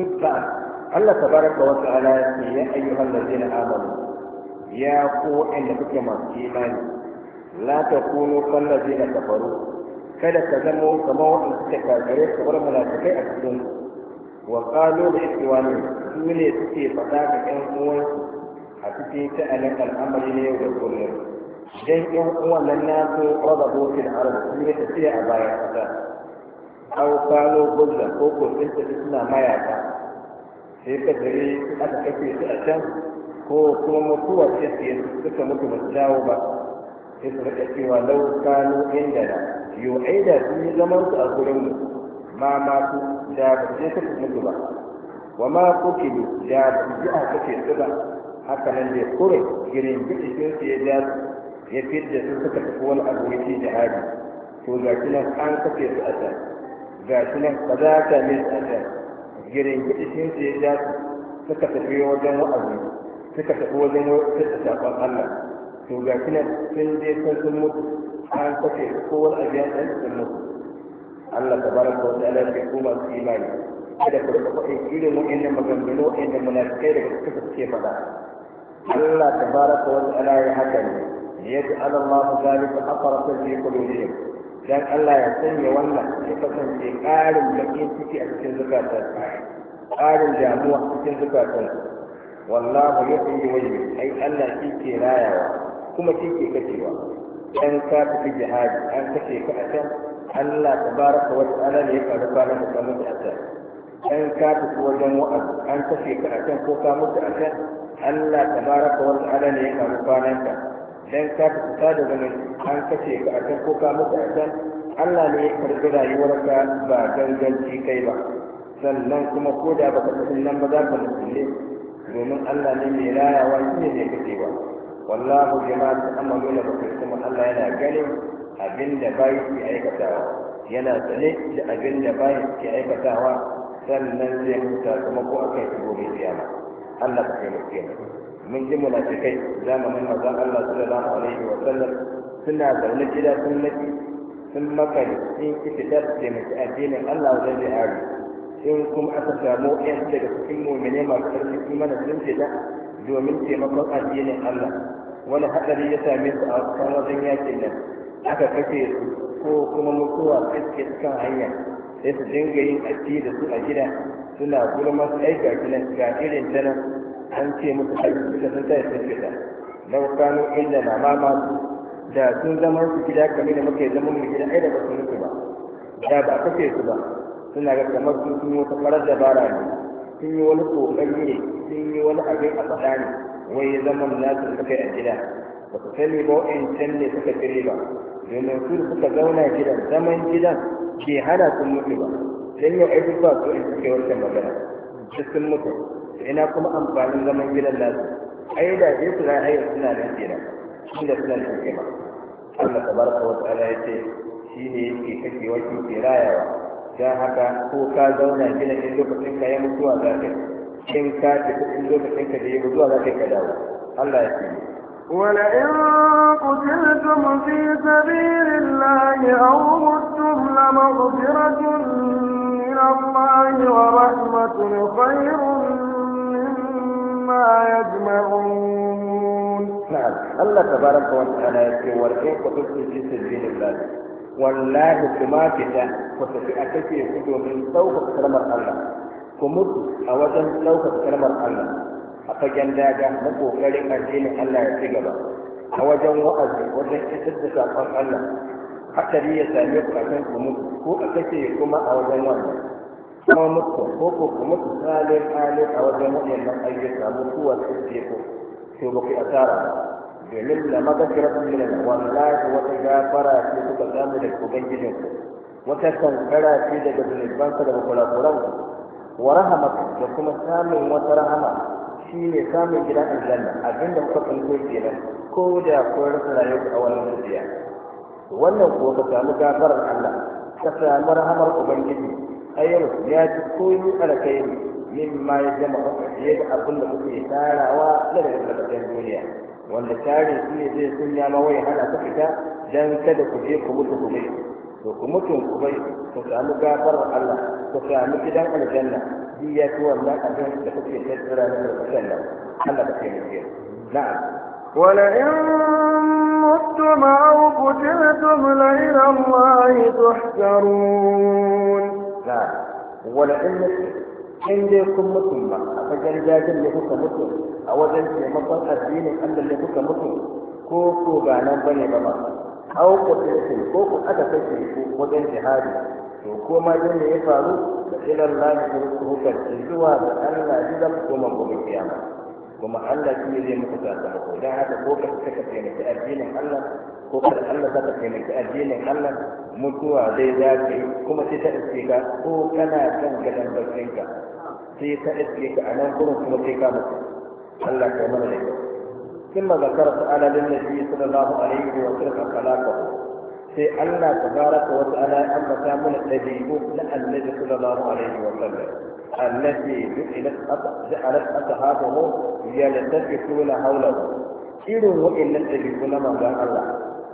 إذكار الله تبارك وتعالى يا أيها الذين آمنوا يا قو إن بكم إيمان لا تكونوا كالذين كفروا كلا تزموا كما وقت تكاثرين كبر ملاتك أكسون وقالوا بإخواني سولي تكي فتاك أن أول حتي سالك الأمر لي وكلهم جن أن أول الناس رضبوا في الأرض سولي تكي أبايا أو قالوا بذل فوق أنت تسمى ما يعتقد sai ka dare aka kafe su a can ko kuma mutuwa ce ce suka mutu ba su dawo ba sai su rika cewa lau kanu inda na yau aida sun yi zaman su a gurinmu ma ma ku da ba su suka mutu ba wa ma kuke ne da ba su ji a kafe su ba haka nan dai kure girin gidi sun su ya ja ya fidda su suka tafi wani abu ya ce jihadi to ga shi nan an kafe su a can ga shi nan ba za ka ne su a can girgidi sun ce ya suka tafi wajen wa'azi suka tafi wajen wata shafan Allah to ga kina sun je sun sun mutu an kafe kowar abiya ɗan sun mutu Allah ta bara ko ta ala ce kuma su imani kada ku da kwaɗin irin wa'annan maganganu wa'annan munafikai da suka suke faɗa Allah ta bara ko ta ala ya haka ne ليجعل الله ذلك حسرة في قلوبهم dan Allah ya sanya wannan ya kasance ƙarin bakin ciki a cikin zukatar ƙarin damuwa cikin zukatan wallahu ya yi wani ai Allah shi ke rayawa kuma shi ke kashewa Ɗan ka tafi jihadi an kashe ka a can Allah tabaraka wa ta'ala ne ya faru kwanan da ka da a can an ka tafi wajen wa'azi an kashe ka a can ko ka mutu a can Allah tabaraka wa ta'ala ne ya faru kwanan ka Ɗan ka tafi da zaman an kashe ka a can ko ka mutu a can Allah ne ya karɓi rayuwarka ba ganganci kai ba sannan kuma ko da baka tafi nan ba za ka musulmi domin Allah ne mai rayawa shi ne mai kasewa wallahu jama'a ta'amaluna basir kuma Allah yana ganin abin da bayi ke aikatawa yana sane da abin da bayi ke aikatawa sannan zai huta kuma ko akai su gobe kiyama Allah ka kai mutum mun ji munafikai zamanin manzon Allah sallallahu alaihi wa sallam suna zaune gida sun maki sun makari sun kifi, da mutum addinin Allah wajen da in kuma aka samu ɗaya daga cikin mummune masu ƙarfin imanin sun fita domin taimakon addinin Allah wani haɗari ya same su a kan wajen yakin nan aka kashe su ko kuma mutuwa suke kan hanya sai su dinga yin addini da su a gida suna gulma su aika kinan ga irin ta an ce musu aiki suka sun tsaye sun fita lau kanu inda na mama da sun zama su gida kamar da muke zama mu gida ai da ba su mutu ba da ba kashe su ba suna ga kamar sun sun wata farar dabara ne sun yi wani kokari ne sun yi wani abin a faɗa ne wai zaman nasu suka yi a gida ba su sani ba can ne suka fi ba domin su suka zauna gidan zaman gidan ke hana sun mutu ba don yau aiki ba su in suke wancan magana su sun mutu ina kuma amfanin zaman gidan nasu ai da je su haihu suna nan kenan da suna da hikima Allah ta tabaraka wa ta'ala yace shine yake kake wakin ke rayawa don haka ko ka zauna gina in lokacin ka ya mutuwa za ka in ka tafi in lokacin ka da ya mutuwa za ka dawo Allah ya tsare ولئن قتلتم في سبيل الله أو متم لمغفرة من الله ورحمة خير مما يجمعون نعم الله تبارك وتعالى يقول وإن قتلتم في سبيل الله wallahi kuma fita ku tafi a kake ku domin ɗaukar kalmar Allah ku mutu a wajen ɗaukar kalmar Allah a fagen daga na ƙoƙarin addinin Allah ya ci gaba a wajen wa'azi wajen isar da saƙon Allah hatsari ya sami ku ku mutu ko a kake kuma a wajen wannan kuma mutu ko ko ku mutu salin alin a wajen waɗannan ayyuka mutuwar ku ce ku to ba ku asara ba domin da magasira sun gina da wallahi wata gafara ce suka gami da kogan gidan wata sankara ce daga zunuban zunubansa daga kulakulan wa rahama da kuma samun wata rahama shi ne samun gidan aljanna abinda kuka ke nan ko da kun rasa rayuwa a wannan dubiya wannan kuwa ka samu gafarar allah ka samu rahamar ubangiji a yau ya ci koyi alkhairi min ma ya jama'a fiye da abinda da kuke tarawa na daga ƙarƙashin duniya wanda tare shi ne zai sanya ma waya hana ta fita dan kada ku je ku mutu kuma to ku mutu ku bai ku samu gafar Allah ku samu gidan aljanna shi ya ci wannan abin da kuke tattara da aljanna Allah ka taimake na'am ولئن متم أو قتلتم لإلى الله تحشرون. نعم ولئن in dai kun mutum ba a fagen jajin da kuka mutu a wajen taimakon addinin Allah da kuka mutu ko ko ba nan bane ba ma au ku ko ku aka kace ku wajen jihadi to ko ma din ya faru da ilan lahi ku ku zuwa ga Allah ji kuma ku man gobe kiyama kuma Allah shi zai muku ta ta ko dan haka ko ka saka taimaki addinin Allah ko ka Allah saka taimaki addinin Allah mutuwa zai zaka kuma sai ta iske ka ko kana kan gadan bakinka sai ka iske ka a nan gurin kuma sai ka mutu Allah ka mana da kyau ثم ذكر تعالى للنبي صلى الله عليه وسلم خلاقه sai Allah tabaraka wa ta'ala ya ambata mana dabi'u na annabi sallallahu alaihi wa sallam allati ju'ilat ja'alat ashabahu yaltafikuna hawlahu irin wa'annan dabi'u na manzon Allah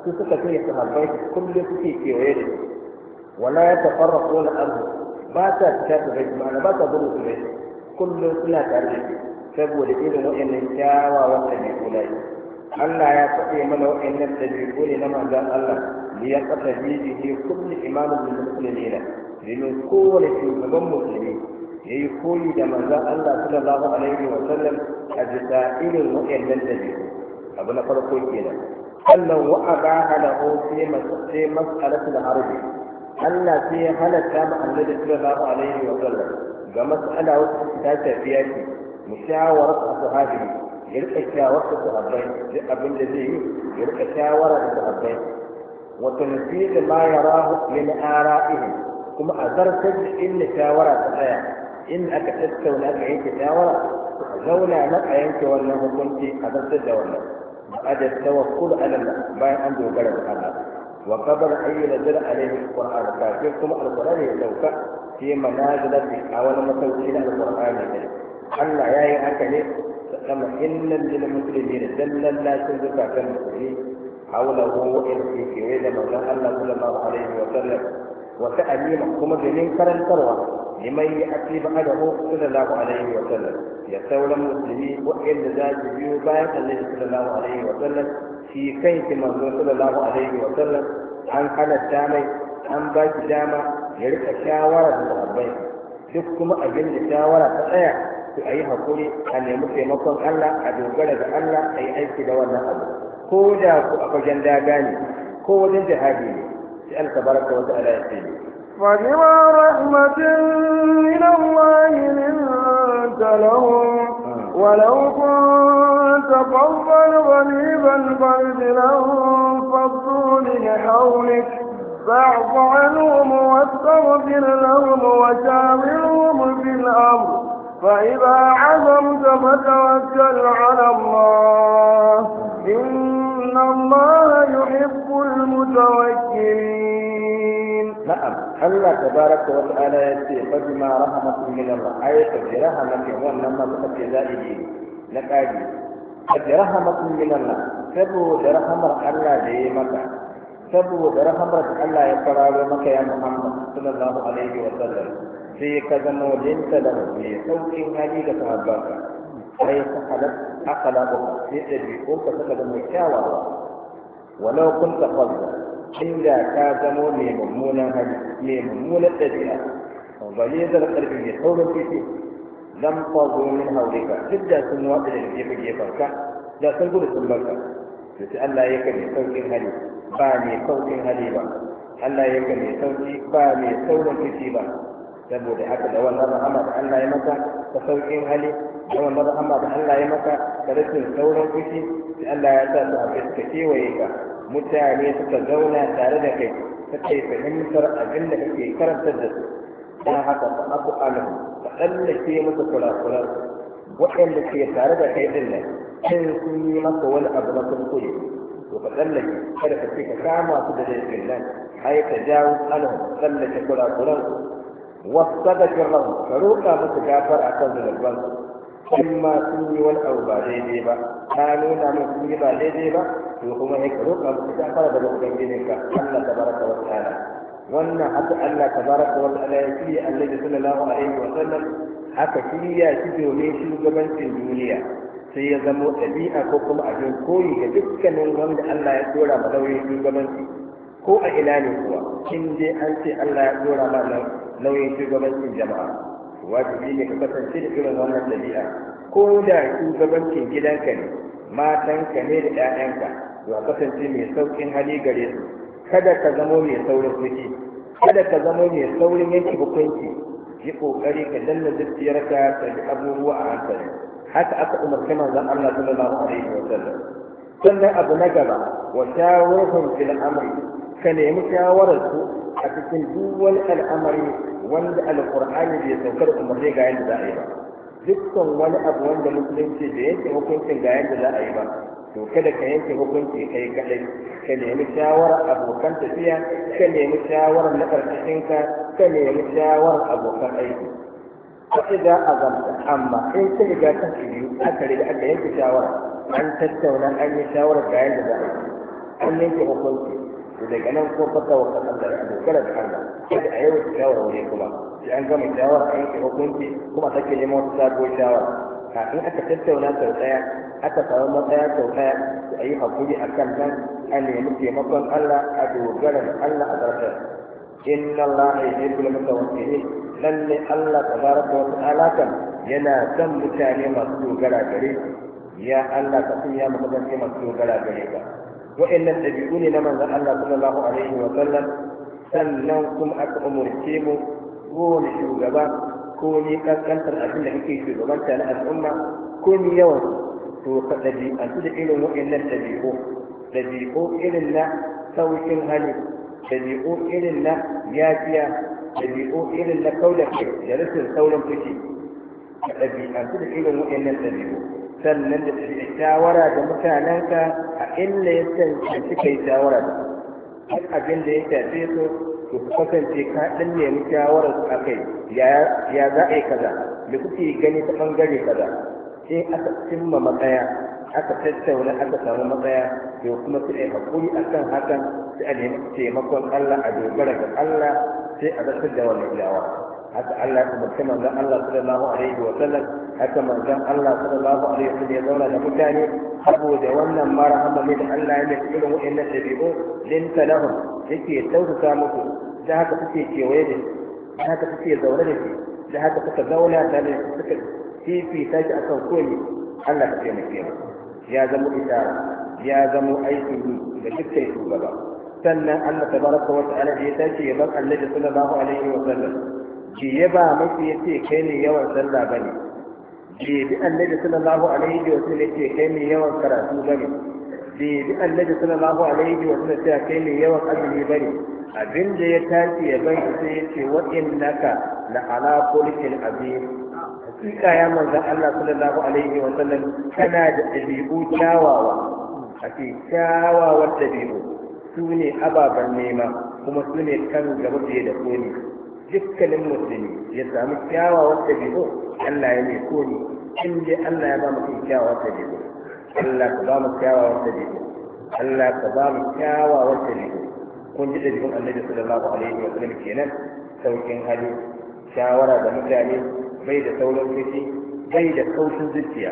su suka kai sahabbai kullum suke kewaye da shi wala yatafarraquna anhu ba ta fita su rai ma'ana ba ta gudu su rai kullum suna tare da shi saboda irin wa'annan kyawawan ɗabi'u na yi Allah ya faɗe mana wa'annan da ne na manzan Allah li ya kafa biyu ne kullu imamun ne na domin kowane shugaban musulmi ya yi koyi da manzan Allah sallallahu a laifin sallam a bisa irin wa'annan ne abu na farko kenan sannan wa'ada halahu sai mas'alatul harbi Allah sai ya halatta mu annabi sallallahu alaihi wa sallam ga mas'ala wacce ta tafiya ce mushawara ashabi ya rika shawara da sahabbai duk abin da zai yi ya rika shawara da sahabbai wa tanfiq ma yarahu min ara'ihi kuma a zartar da inda shawara ta tsaya in aka tattauna aka yanke shawara zauna na a yanke wannan hukunci a zartar da wannan ba a da tawakkul ala bayan an dogara da Allah Wakabar qabl an yunzila alayhi alquran kafin kuma alqur'ani ya sauka fi manazilati a wani masauki na alqur'ani ne Allah ya yi haka ne sama innal lil muslimin dallan la tunzuka kan muslimi hawlahu irfi fi wayda mawla Allah sallallahu alaihi wa sallam wa ta'lima kuma ganin karantarwa liman ya ati ba'dahu sallallahu alaihi wa sallam ya sauran muslimi wa za su biyo bayan Allah wa sallam shi kanki manzo sallallahu alaihi wa sallam an halatta mai an ba shi dama ya rika shawara da sahabbai duk kuma abin da shawara ta tsaya to ayi hakuri a nemi taimakon Allah a dogara da Allah a yi aiki da wannan abu ko da ku a fagen daga ne ko wajen jihadi ne sai Allah tabaraka wa ta'ala ya ce فبما رحمة من الله لنت لهم ولو كنت فظا غليب القلب لانفضوا من حولك فاعف عنهم واستغفر لهم وشاورهم في الأمر فإذا عزمت فتوكل على الله إن الله يحب المتوكلين نعم الله تبارك وتعالى يتي فبما رحمة من الله أي فجرها لك ولما بقت زائدين لك أجل فجرها من الله سبو درهمر الله دي مكة saboda rahamar da Allah ya fararo maka ya Muhammad sallallahu alaihi wa sallam sai ka zama wajen salama mai sauƙin hali ga sahabbanka sai ka halatta akala ba sai ɗabi'unka suka zama kyawawa walau kun ta fadda inda ka zama mai mummunan hali mai mummunan ɗabi'a balizar ƙarfi mai saurin fice zan fazo min haurika duk da sun watsa da gefe gefenka da sun gudu sun barka to sai Allah ya ka mai sauƙin hali ba mai sauƙin hali ba Allah ya ka mai sauƙi ba mai saurin fice ba saboda haka da wannan rahama da Allah ya maka ta sauƙin hali da wannan rahama da Allah ya maka da rashin sauran fushi da Allah ya sa su hafi suka kewaye ka mutane suka zauna tare da kai suka yi fahimtar abin da kake karantar da su don haka ta abu alam ta tsallake musu kurakuran waɗanda ke tare da kai din nan sun sun yi maka wani abu na kuskure to ka tsallake kada ka ce ka kama su da laifin nan ai ka jawo alam tsallake kurakuran وصدق الرب فروقا متكافر أكل من البلد إما سني والأوبا ليديبا كانونا من سنيبا ليديبا يقوم هيك روقا متكافر بلغتين دينك أن تبارك وتعالى وأن حتى أن تبارك وتعالى يكي الذي صلى الله عليه وسلم حتى كي يجدوا من شنو في الدنيا سيزموا أبيئا كوكم أجن كوي يجدك من غمد أن لا يدور بلوي شنو جبن في كو هو إن دي أنت أن لا يدور بلوي nauyin shugabancin jama'a wajibi ne ka kasance da irin wannan dabi'a ko da shugabancin gidanka ne matanka ne da 'ya'yanka a kasance mai saukin hali gare su kada ka zamo mai saurin fushi kada ka zamo mai saurin yanke hukunci yi kokari ka danna zuciyarka ka ji abubuwa a hankali haka aka umarci manzon Allah sallallahu alaihi wa sallam sannan abu na gaba wa shawarar fil amri ka nemi shawarar su a cikin duk wani al'amari wanda alƙur'ani bai saukar umarni ga yadda za a yi ba dukkan wani abu wanda musulunci da yanke hukuncin ga yadda za a yi ba to kada ka yanke hukunci kai kadai ka nemi shawarar abokan tafiya ka nemi shawarar na ƙarƙashinka ka nemi shawarar abokan aiki da a zamta amma in ka riga kan biyu aka riga aka yanke shawara an tattauna an yi shawarar ga yadda za a yi an yanke hukunci إذا كان يكون قد توقف عند أحد وكلت حالة قد أيوة تشاور وليكما لأن قام يشاور أنت أو كنت كما تكي لما تشاور ويشاور فإن أنت تبت ولا توقيع حتى تقوم وقيع توقيع أي خطوري أكام كان أن يمكي مطلن ألا أدو جلن ألا أدرسه إن الله يجيب لما توقيه لن تبارك وتعالى كان ينا تم تاني مصدو جلن يا الله تقيم مطلن كما تشاور جلن wa'annan ɗabi'u ne na manzon Allah sallallahu alaihi wa sallam sannan kuma aka umurce mu kowane shugaba ko ni kankantar abin da kake shugabanta na al'umma ko ni yawan to ka ɗabi'antu da irin wa'annan ɗabi'u ɗabi'u irin na saukin hali ɗabi'u irin na yafiya ɗabi'u irin na kai da rashin saurin fushi ka ɗabi'antu da irin wa'annan ɗabi'u sannan da su shawara da mutanenka a inda ya cancanci ka yi shawara da duk abin da ya shafe su su kasance ka ɗan nemi shawarar su a kai ya za a yi kaza da kuke gani ta ɓangare kaza sai aka cimma matsaya aka tattauna aka samu matsaya to kuma sai a hakuri akan hakan sai a nemi taimakon Allah a dogara ga Allah sai a rasar da wannan shawara haka Allah ya umarci manzon Allah sallallahu alaihi wa sallam haka manzon Allah sallallahu alaihi wa sallam ya zauna da mutane saboda wannan marhama ne da Allah ya mai irin wa'annan dabi'u lin talahum yake tausasa muku da haka suke kewaye da shi da haka suke zaune da shi da haka suka zauna tare suka fifita shi akan komai Allah ka taimake mu ya zama isara ya zama aikin yi da dukkan shugaba sannan Allah tabaraka wa ta'ala ya tace ya bar annabi sallallahu alaihi wa sallam bai ba masa ya ce kai ne yawan sallah ba ne bai bi annabi sallallahu alaihi wa sallam ya ce kai ne yawan karatu ba ne bai bi annabi sallallahu alaihi wa sallam ya kai ne yawan azumi ba ne abin da ya tashi ya bai sai ya ce wa innaka la ala kulli azim hakika ya manzan Allah sallallahu alaihi wa sallam kana da dabi'u kyawawa a ce kyawawan dabi'u su ne ababen nema kuma su ne kan gaba fiye da kone dukkanin musulmi ya samu kyawawan ɗabi'u Allah ya mai koni in dai Allah ya ba mu kyawawan ɗabi'u Allah ka ba mu kyawawan ɗabi'u Allah ka ba mu kyawawan ɗabi'u kun ji ɗabi'un Annabi sallallahu alaihi wa sallam kenan saukin hali shawara da mutane bai da sauran fushi bai da kaucin zuciya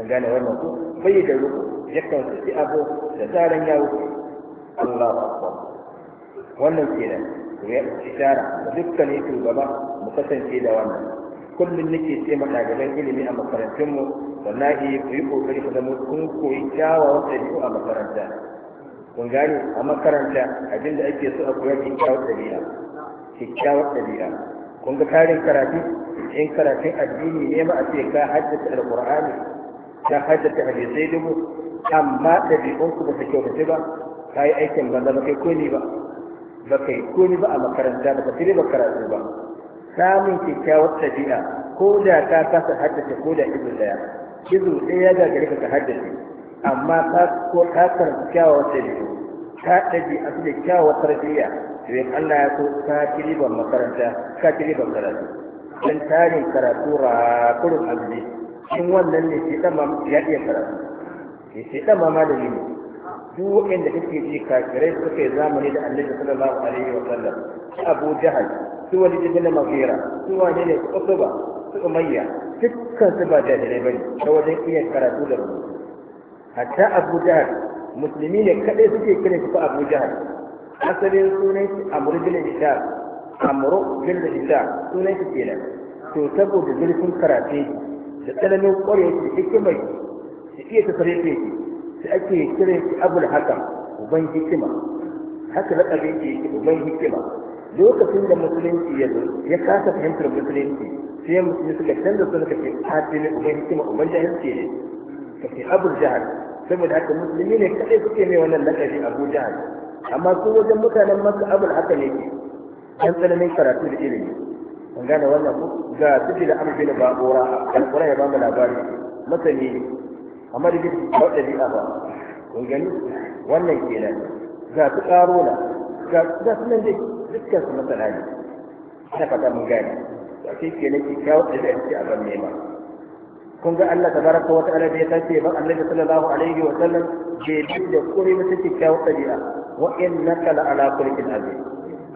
an gane wannan ko bai da ruku yakan su ci abu da tsarin yawo Allahu akbar wannan kenan ya ishara dukkan yake gaba mu kasance da wannan kullum nake ce ma ɗaliban ilimi a makarantunmu wallahi ku yi kokari ku zama kun koyi kyawawan ɗabi'u a makaranta kun gane a makaranta abinda ake so a koya kyakkyawar ɗabi'a kyakkyawar ɗabi'a kun ga karin karatu in karatun addini ne ma a ce ka haddace alƙur'ani ka haddace hadisai dubu amma ku ba su kyautace ba ka yi aikin banza ba kai ko ni ba ba kai ni ba a makaranta ba ka sai ba karatu ba samun kyakkyawar tafiya. ko da ka kasa haddace ko da izu daya izu ɗaya ga gare ka haddace amma ka ko ka karanta kyakkyawar tafiya, ka ɗabi'a a cikin kyakkyawar tafiya sai Allah ya so ka ci ba makaranta ka ci ba karatu dan tarin karatu rakurun azumi in wannan ne shi ɗan ya iya karatu shi ɗan ma malami ne duk waɗanda kake ji kafirai suka yi zamani da annabi sallallahu alaihi wa sallam su abu jahal su wani jibin mafira su wani ne kutuba su umayya dukkan su ba jahilai bane ta wajen iya karatu da rubutu hatta abu jahal musulmi ne kaɗai suke kiran su fa abu jahal asalin sunan shi amru bin hisham amru bin hisham sunan shi kenan to saboda zurfin karatu da tsananin ƙwarewa da hikimar da iya tafarfe shi sai ake kiran shi abul hakam uban hikima haka lakabin shi yake uban hikima lokacin da musulunci ya zo ya kasa fahimtar musulunci sai musulmi suka canza su suka ce hati ne uban hikima uban jahilci ne ka ce abul jahal saboda haka musulmi ne kadai suke mai wannan lakabi abu jahal amma su wajen mutanen masu abul hakam yake an tsananin karatu da ilimi an gane wannan ko ga su da amfani ba a alƙura ya ba mu labari masani amma da gidan ba ɗabi'a ba kun gani wannan kenan za su ƙarona za su nan dai dukkan su masana ne ta fata mun gane to sai kenan ki kawo ɗabi'a ce a ban nema kun ga Allah tabaraka wa ta'ala da ya tace ban Annabi sallallahu alaihi wa sallam ke duk da kore mata kyakkyawar ɗabi'a wa innaka la ala kulli azim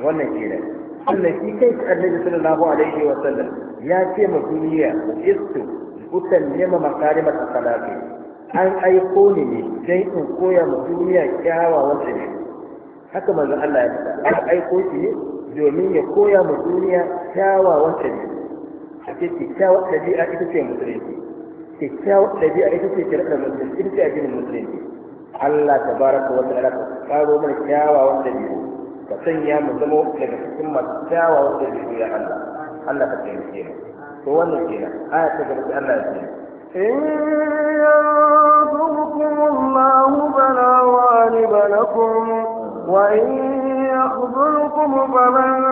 wannan kenan Allah shi kai Annabi sallallahu alaihi wa sallam ya ce ma duniya istu utan nema makarimat akhlaqi an aiko ni ne don in koya ma duniya kyawawan ne. haka manzo Allah ya faɗa an aiko shi ne domin ya koya ma duniya kyawawan ne. a ce kyakkyawar ɗabi'a ita ce musulunci kyakkyawar ɗabi'a ita ce shirɗar musulunci ita ce addinin musulunci Allah ta baraka wa ta'ala ka karo mana kyawawan ɗabi'u ka sanya mu zama daga cikin masu kyawawan ɗabi'u ya Allah Allah ka taimake mu to wannan kenan aya ta gaba Allah ya ce in يَنْصُرْكُمْ الله فلا غالب لكم وإن يخذركم فمن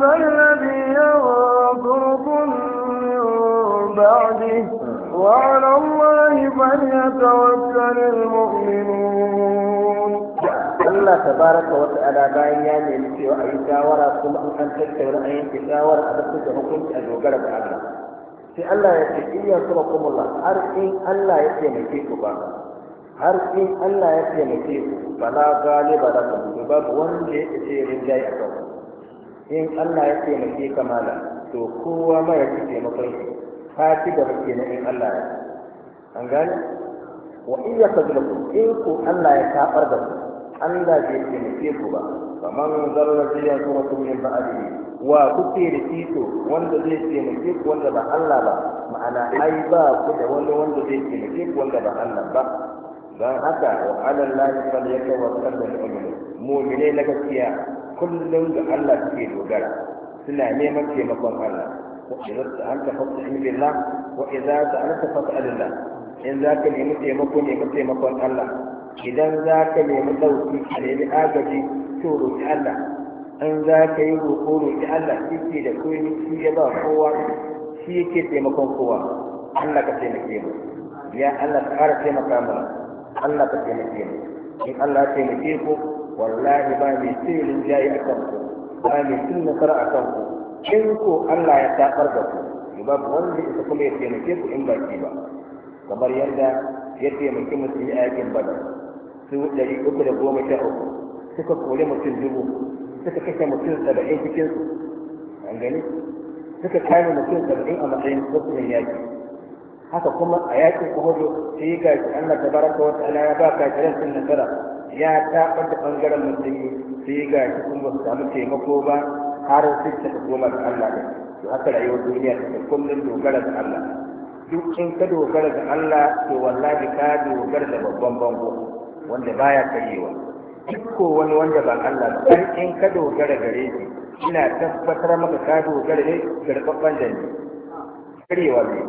ذا الذي ينصركم من بعده وعلى الله فليتوكل المؤمنون الله تبارك وتعالى باين يعني اللي فيه أي شاورة كل أحد تشتغل أي شاورة أدفت حكمت أن يقرب عبده sai Allah ya ce in yansura kumulla har in Allah ya taimake ku ba har in Allah ya taimake ku gane galiba da kuma ba wanda ya ce jayi a kan in Allah ya taimake kamala to kowa ma ya ci taimakon shi ka ci gaba na in Allah ya an gane wa in ya fadlaku in ku Allah ya tabar da ku Allah bai taimake ku ba faman zarra jiyan kuma kun min ba'adihi wa kuke da tito wanda zai taimake ku wanda ba Allah ba ma'ana ai ba ku da wani wanda zai taimake ku wanda ba Allah ba don haka wa alal lahi fal yatawakkal al mu'min mu'mine na gaskiya kullum ga Allah suke dogara suna neman taimakon Allah وإذا سألت فاستعن بالله وإذا سألت فاسأل الله in za ka nemi taimako nemi taimakon Allah idan za ka nemi ɗauki a nemi agaji to roƙi Allah in za ka yi roƙo roƙi Allah shi ke da koyi shi ya ba kowa shi ke taimakon kowa Allah ka taimake mu ya Allah ka ƙara taimaka mana Allah ka taimake mu in Allah ya taimake ku wallahi ba mai sirrin jayi a kanku ba mai cin nasara a kanku in ko Allah ya tabar da ku babu wanda ita kuma ya taimake ku in ba ke ba kamar yadda ya taimaki mutum yi yakin badar su ɗari uku da goma sha uku suka kore mutum dubu suka kashe mutum saba'in cikin su an gani suka kame mutum saba'in a matsayin kusurin yaki haka kuma a yakin yi sai an shi Allah tabaraka wata ala ya ba ka shirin sun nasara ya taɓa da ɓangaren musulmi sai yi gashi sun ba su samu taimako ba har sai ta koma ga Allah ne to haka rayuwar duniya ta kullum dogara da Allah duk in ka dogara da Allah to wallahi ka dogara da babban bango wanda baya karyewa duk wani wanda ba Allah ba in ka dogara gare shi ina tabbatar maka ka dogara ne garbabban da ni karewa ne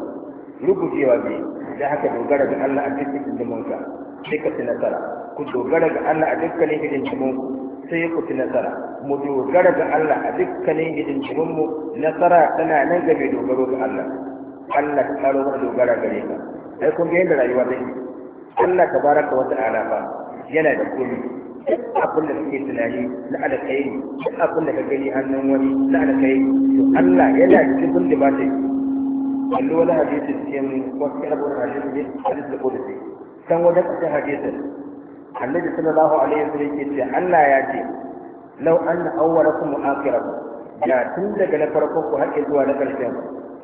rugujewa ne da haka dogara ga Allah a cikin dimonka sai ka ci nasara ku dogara ga Allah a dukkanin hidindimin ku sai ku ci nasara mu dogara ga Allah a dukkanin hidindimin mu nasara tana nan ga mai dogaro ga Allah Allah ka karo dogara gare ka Sai kun ga yadda rayuwa take Allah tabaraka wa ta'ala ba yana da komai duk abin da kake tunani na alakai ne duk abin da ka gani hannun wani na alakai to Allah yana cikin da ba ta yi kalli wani hadisi cikin wasu abin hadisi ne hadisi da kudusi kan wajen cikin hadisin annabi sallallahu alaihi wasallam yake ce Allah ya ce law anna awwalakum wa akhirakum da tun daga na farkon ku har zuwa na karshen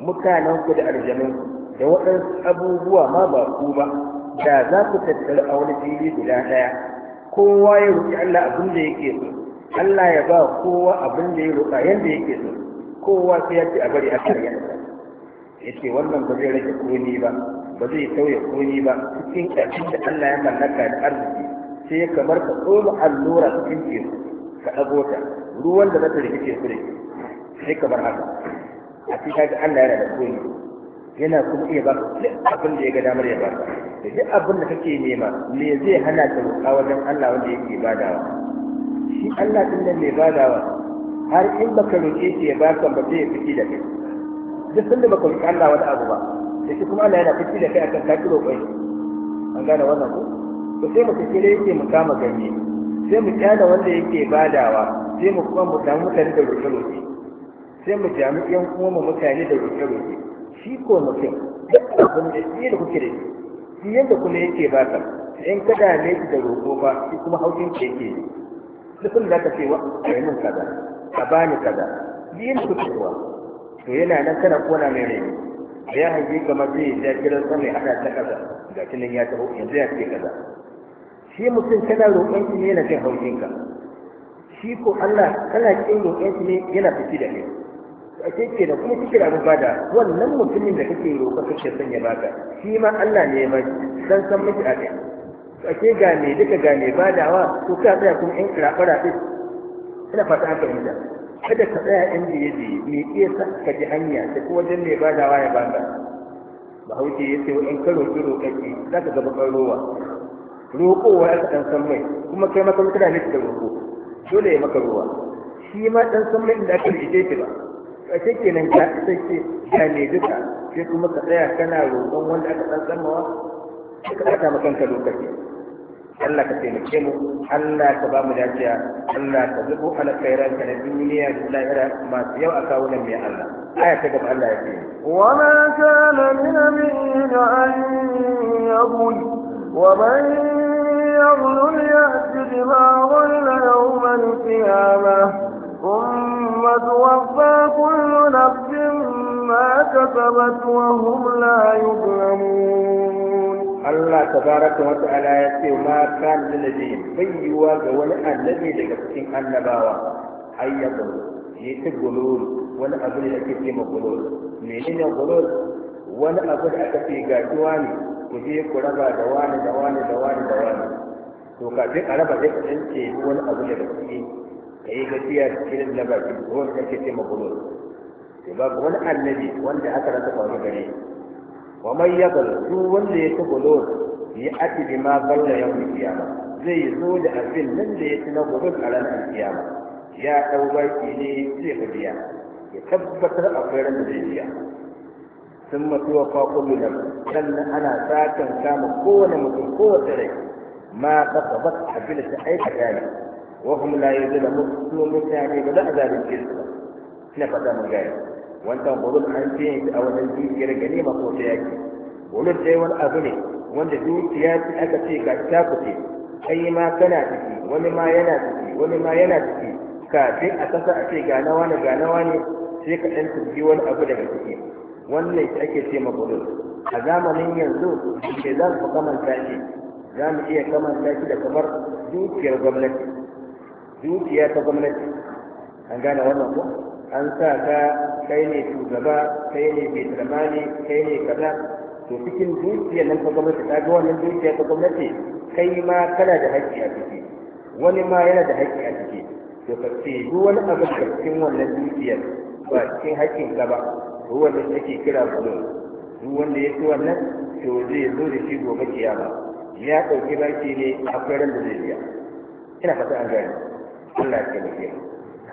mutanen ku da aljanun da waɗansu abubuwa ma ba ku ba da za ku tattara a wani fili guda ɗaya kowa ya roƙi Allah abin da yake so Allah ya ba kowa abin da ya roƙa yanda yake so kowa sai ya ce a bari a karya ya ce wannan ba zai rage komi ba ba zai sauya komi ba cikin ƙarfin da Allah ya mallaka da arziki sai ya kamar ka tsoma allura cikin teku ka ɗago ta ruwan da za ta rike teku da sai kamar haka a cikin Allah yana da komi yana kuma iya baka duk abin da ya ga damar ya baka da duk abin da kake nema me zai hana ka roƙa wajen Allah wanda yake badawa shi Allah din nan mai badawa har in baka roƙe shi ya baka ba zai fiki da kai duk sanda baka roƙa Allah wani abu ba sai kuma Allah yana fiki da kai akan ka ki roƙon an gane wannan ko to sai mu da yake mu kama ganye sai mu kyana wanda yake badawa sai mu kuma mu samu mutane da roƙe-roƙe sai mu jami'an kuma mu mutane da roƙe-roƙe shi ko mutum duk da shi da kuke da shi shi yadda kuma yake ba ka in ka da ne da roƙo ba shi kuma haushin ke yake Duk dukkan da ka ce wa a mun min kaza a bani kaza shi yadda kuke zuwa to yana nan kana kona mai rai ya hange kama zai ja kiran tsamai ana ta kaza ga tunan ya taho yanzu ya ce kaza shi mutum kana roƙon shi ne yana jin haushinka shi ko Allah kana kin roƙon shi ne yana fiti da kai a keke da kuma kike da abin bada wannan mutumin da kake roƙa kake son ya baka shi ma Allah ne ya baki dan san miki a kai a ke ga me duka ga me badawa to ka tsaya kuma in kirafara din ina fata haka da kada ka tsaya in da yaje me iya sa ka ji hanya da ko wajen me badawa ya baka bahaushe ya ce in ka roƙi roƙaƙi za ka gaba kan rowa roƙowa ya ka san mai kuma kai maka mutane da roƙo dole ya maka ruwa shi ma dan san mai inda aka rike shi ba a take nan ka take ka ne duka sai kuma ka tsaya kana roƙon wanda aka tsantsanmawa ka ɓata ma kanka lokaci Allah ka taimake mu Allah ka ba mu dafiya Allah ka zubo alkhairan ka na duniya da lahira masu yau a kawunan mai Allah aya ta gaba Allah ya ce وما كان من أمين أن يضل ومن يضل يأتي بما ضل يوم القيامة ثم يوم توفى كل نفس ما كسبت وهم لا يظلمون الله تبارك وتعالى يقول ما كان للذين بيوا ولا الذي لكتم النباوة أن يظلموا يتقولون ولا لك لكتم الظلول منين الظلول ولا لك في قاتواني كذي قربا دواني دواني دواني دواني to kafin a raba zai kasance wani abu daga ya yi gaskiya irin na baki ko wanda ake ce mabulur to babu wani annabi wanda aka rasa faru gare wa man yaqul su wanda ya tabulur ya ati bi ma balla yawm qiyama zai yi zo da abin nan da ya ci na gobe a ranar kiyama ya dau baki ne zai biya. ya tabbatar akwai ran da zai biya sun matuwa kwakwami da sannan ana sakan kama kowane mutum kowace rai ma ƙasa ba abin da ta aikata ne wa hum la yuzlamu su mutane ba za a zalunce su ba ina fata mun gaya wannan gulul an ce shi a wajen dukiyar ganima ko ta yaki gulul dai wani abu ne wanda dukiya ce aka ce ga ta kuce kai ma kana ciki wani ma yana ciki wani ma yana ciki kafin a kasa a ce ga nawa ne ga nawa ne sai ka wani abu daga ciki wannan ce ma a zamanin yanzu ke za za mu iya kamanta shi da kamar dukiyar gwamnati dukiya ta gwamnati an gane wannan ko an sa ka kai ne shugaba kai ne tsammani kai ne kaza to cikin dukiyar nan ta gwamnati ta ga wannan dukiya ta gwamnati kai ma kana da haƙƙi a ciki wani ma yana da haƙƙi a ciki to ka ce duk wani abu da cikin wannan dukiyar ba cikin haƙƙin ka ba to wannan yake kira gudu duk wanda ya ci wannan to zai zo da shi gobe kiyama ya ɗauki baki ne akwai ran da zai biya ina fata an gane Allah ya taimake mu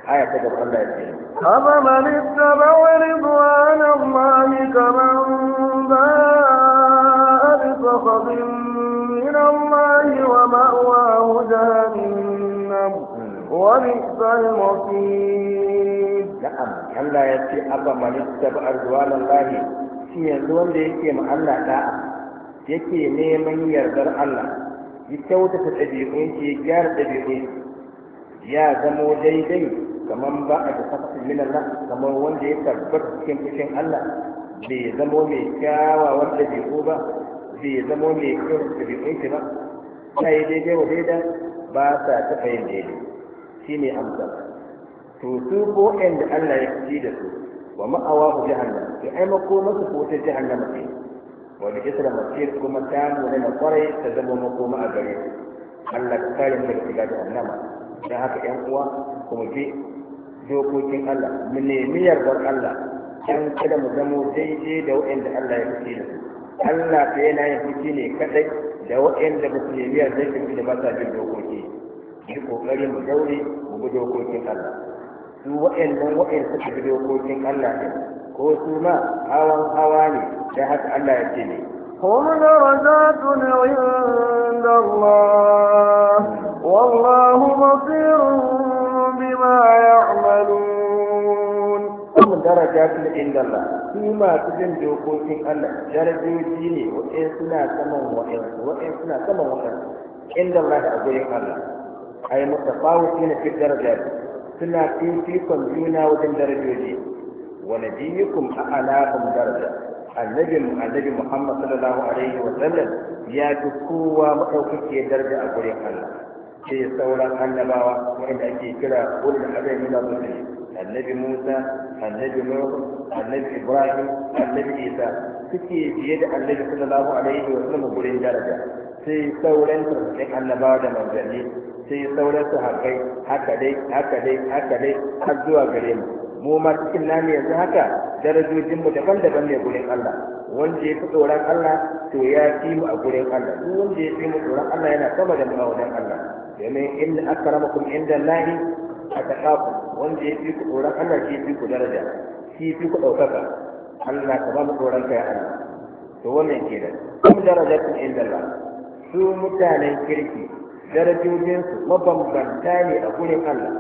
aya ta gaba Allah ya taimake mu haba man ittaba ridwan Allah kaman ba'a bi sakhabin min Allah wa ma'wahu jahannam wa bi'sal masir na'am Allah ya ce haba man ittaba ridwan Allah shi yanzu wanda yake ma Allah da'a yake neman yardar Allah ya kyautata ɗabi'un shi ya gyara ɗabi'un shi ya zamo daidai kamar ba a da safafin min Allah kamar wanda ya tabbata cikin fushin Allah bai zamo mai kyawawan ko ba bai zamo mai kyau ɗabi'un shi ba ta yi daidai wa daida ba sa taɓa yin daidai shi ne amsa to su ko inda Allah ya ci da su wa ma'awahu jahannam ya aimako masu ko ta jahannama ce wani isra masir kuma ta nuna na kwarai ta zama makoma a gare su Allah ta kare mu daga shiga jahannama da haka yan uwa kuma bi dokokin Allah mu nemi yardar Allah dan kada mu zamo daidai da waɗanda Allah ya fice da Allah ta yana yin fice ne kadai da waɗanda ba su nemi yardar shi da ba sa bin dokoki yi kokari mu daure mu bi dokokin Allah su waɗannan waɗanda suka bi dokokin Allah ne ko su ma hawan hawa ne da haka Allah ya ce ne هم درجات عند الله والله بصير بما يعملون هم درجات عند الله فيما تجن دوكوكين الله درجوجي ne wa'in suna saman wa'in wa'in suna saman wa'in inda Allah a gurin Allah ai mutafawuti ne fi daraja suna fifikon juna wajen darajoji daraja annabin annabi Muhammad sallallahu alaihi wa sallam ya fi kowa madaukake darbe a gurin Allah sai sauran annabawa wanda ake kira ulul azmi na rusul annabi Musa annabi Nuh annabi Ibrahim annabi Isa suke biye da annabi sallallahu alaihi wa sallam gurin daraja sai sauran sabbin annabawa da manzanni sai sauran su hakai haka dai haka dai haka dai har zuwa gare mu mu ma cikin nami yanzu haka darajojin mu daban-daban ne gurin Allah wanda ya fi tsoron Allah to ya fi mu a gurin Allah duk wanda ya fi mu tsoron Allah yana sama da mu a Allah domin in akramakum inda lahi ataqaku wanda ya fi ku tsoron Allah shi fi ku daraja shi fi ku ɗaukaka Allah ka ba mu tsoron kai Allah to wannan kenan daraja darajatun inda Allah su mutanen kirki darajojinsu mabambanta ne a gurin Allah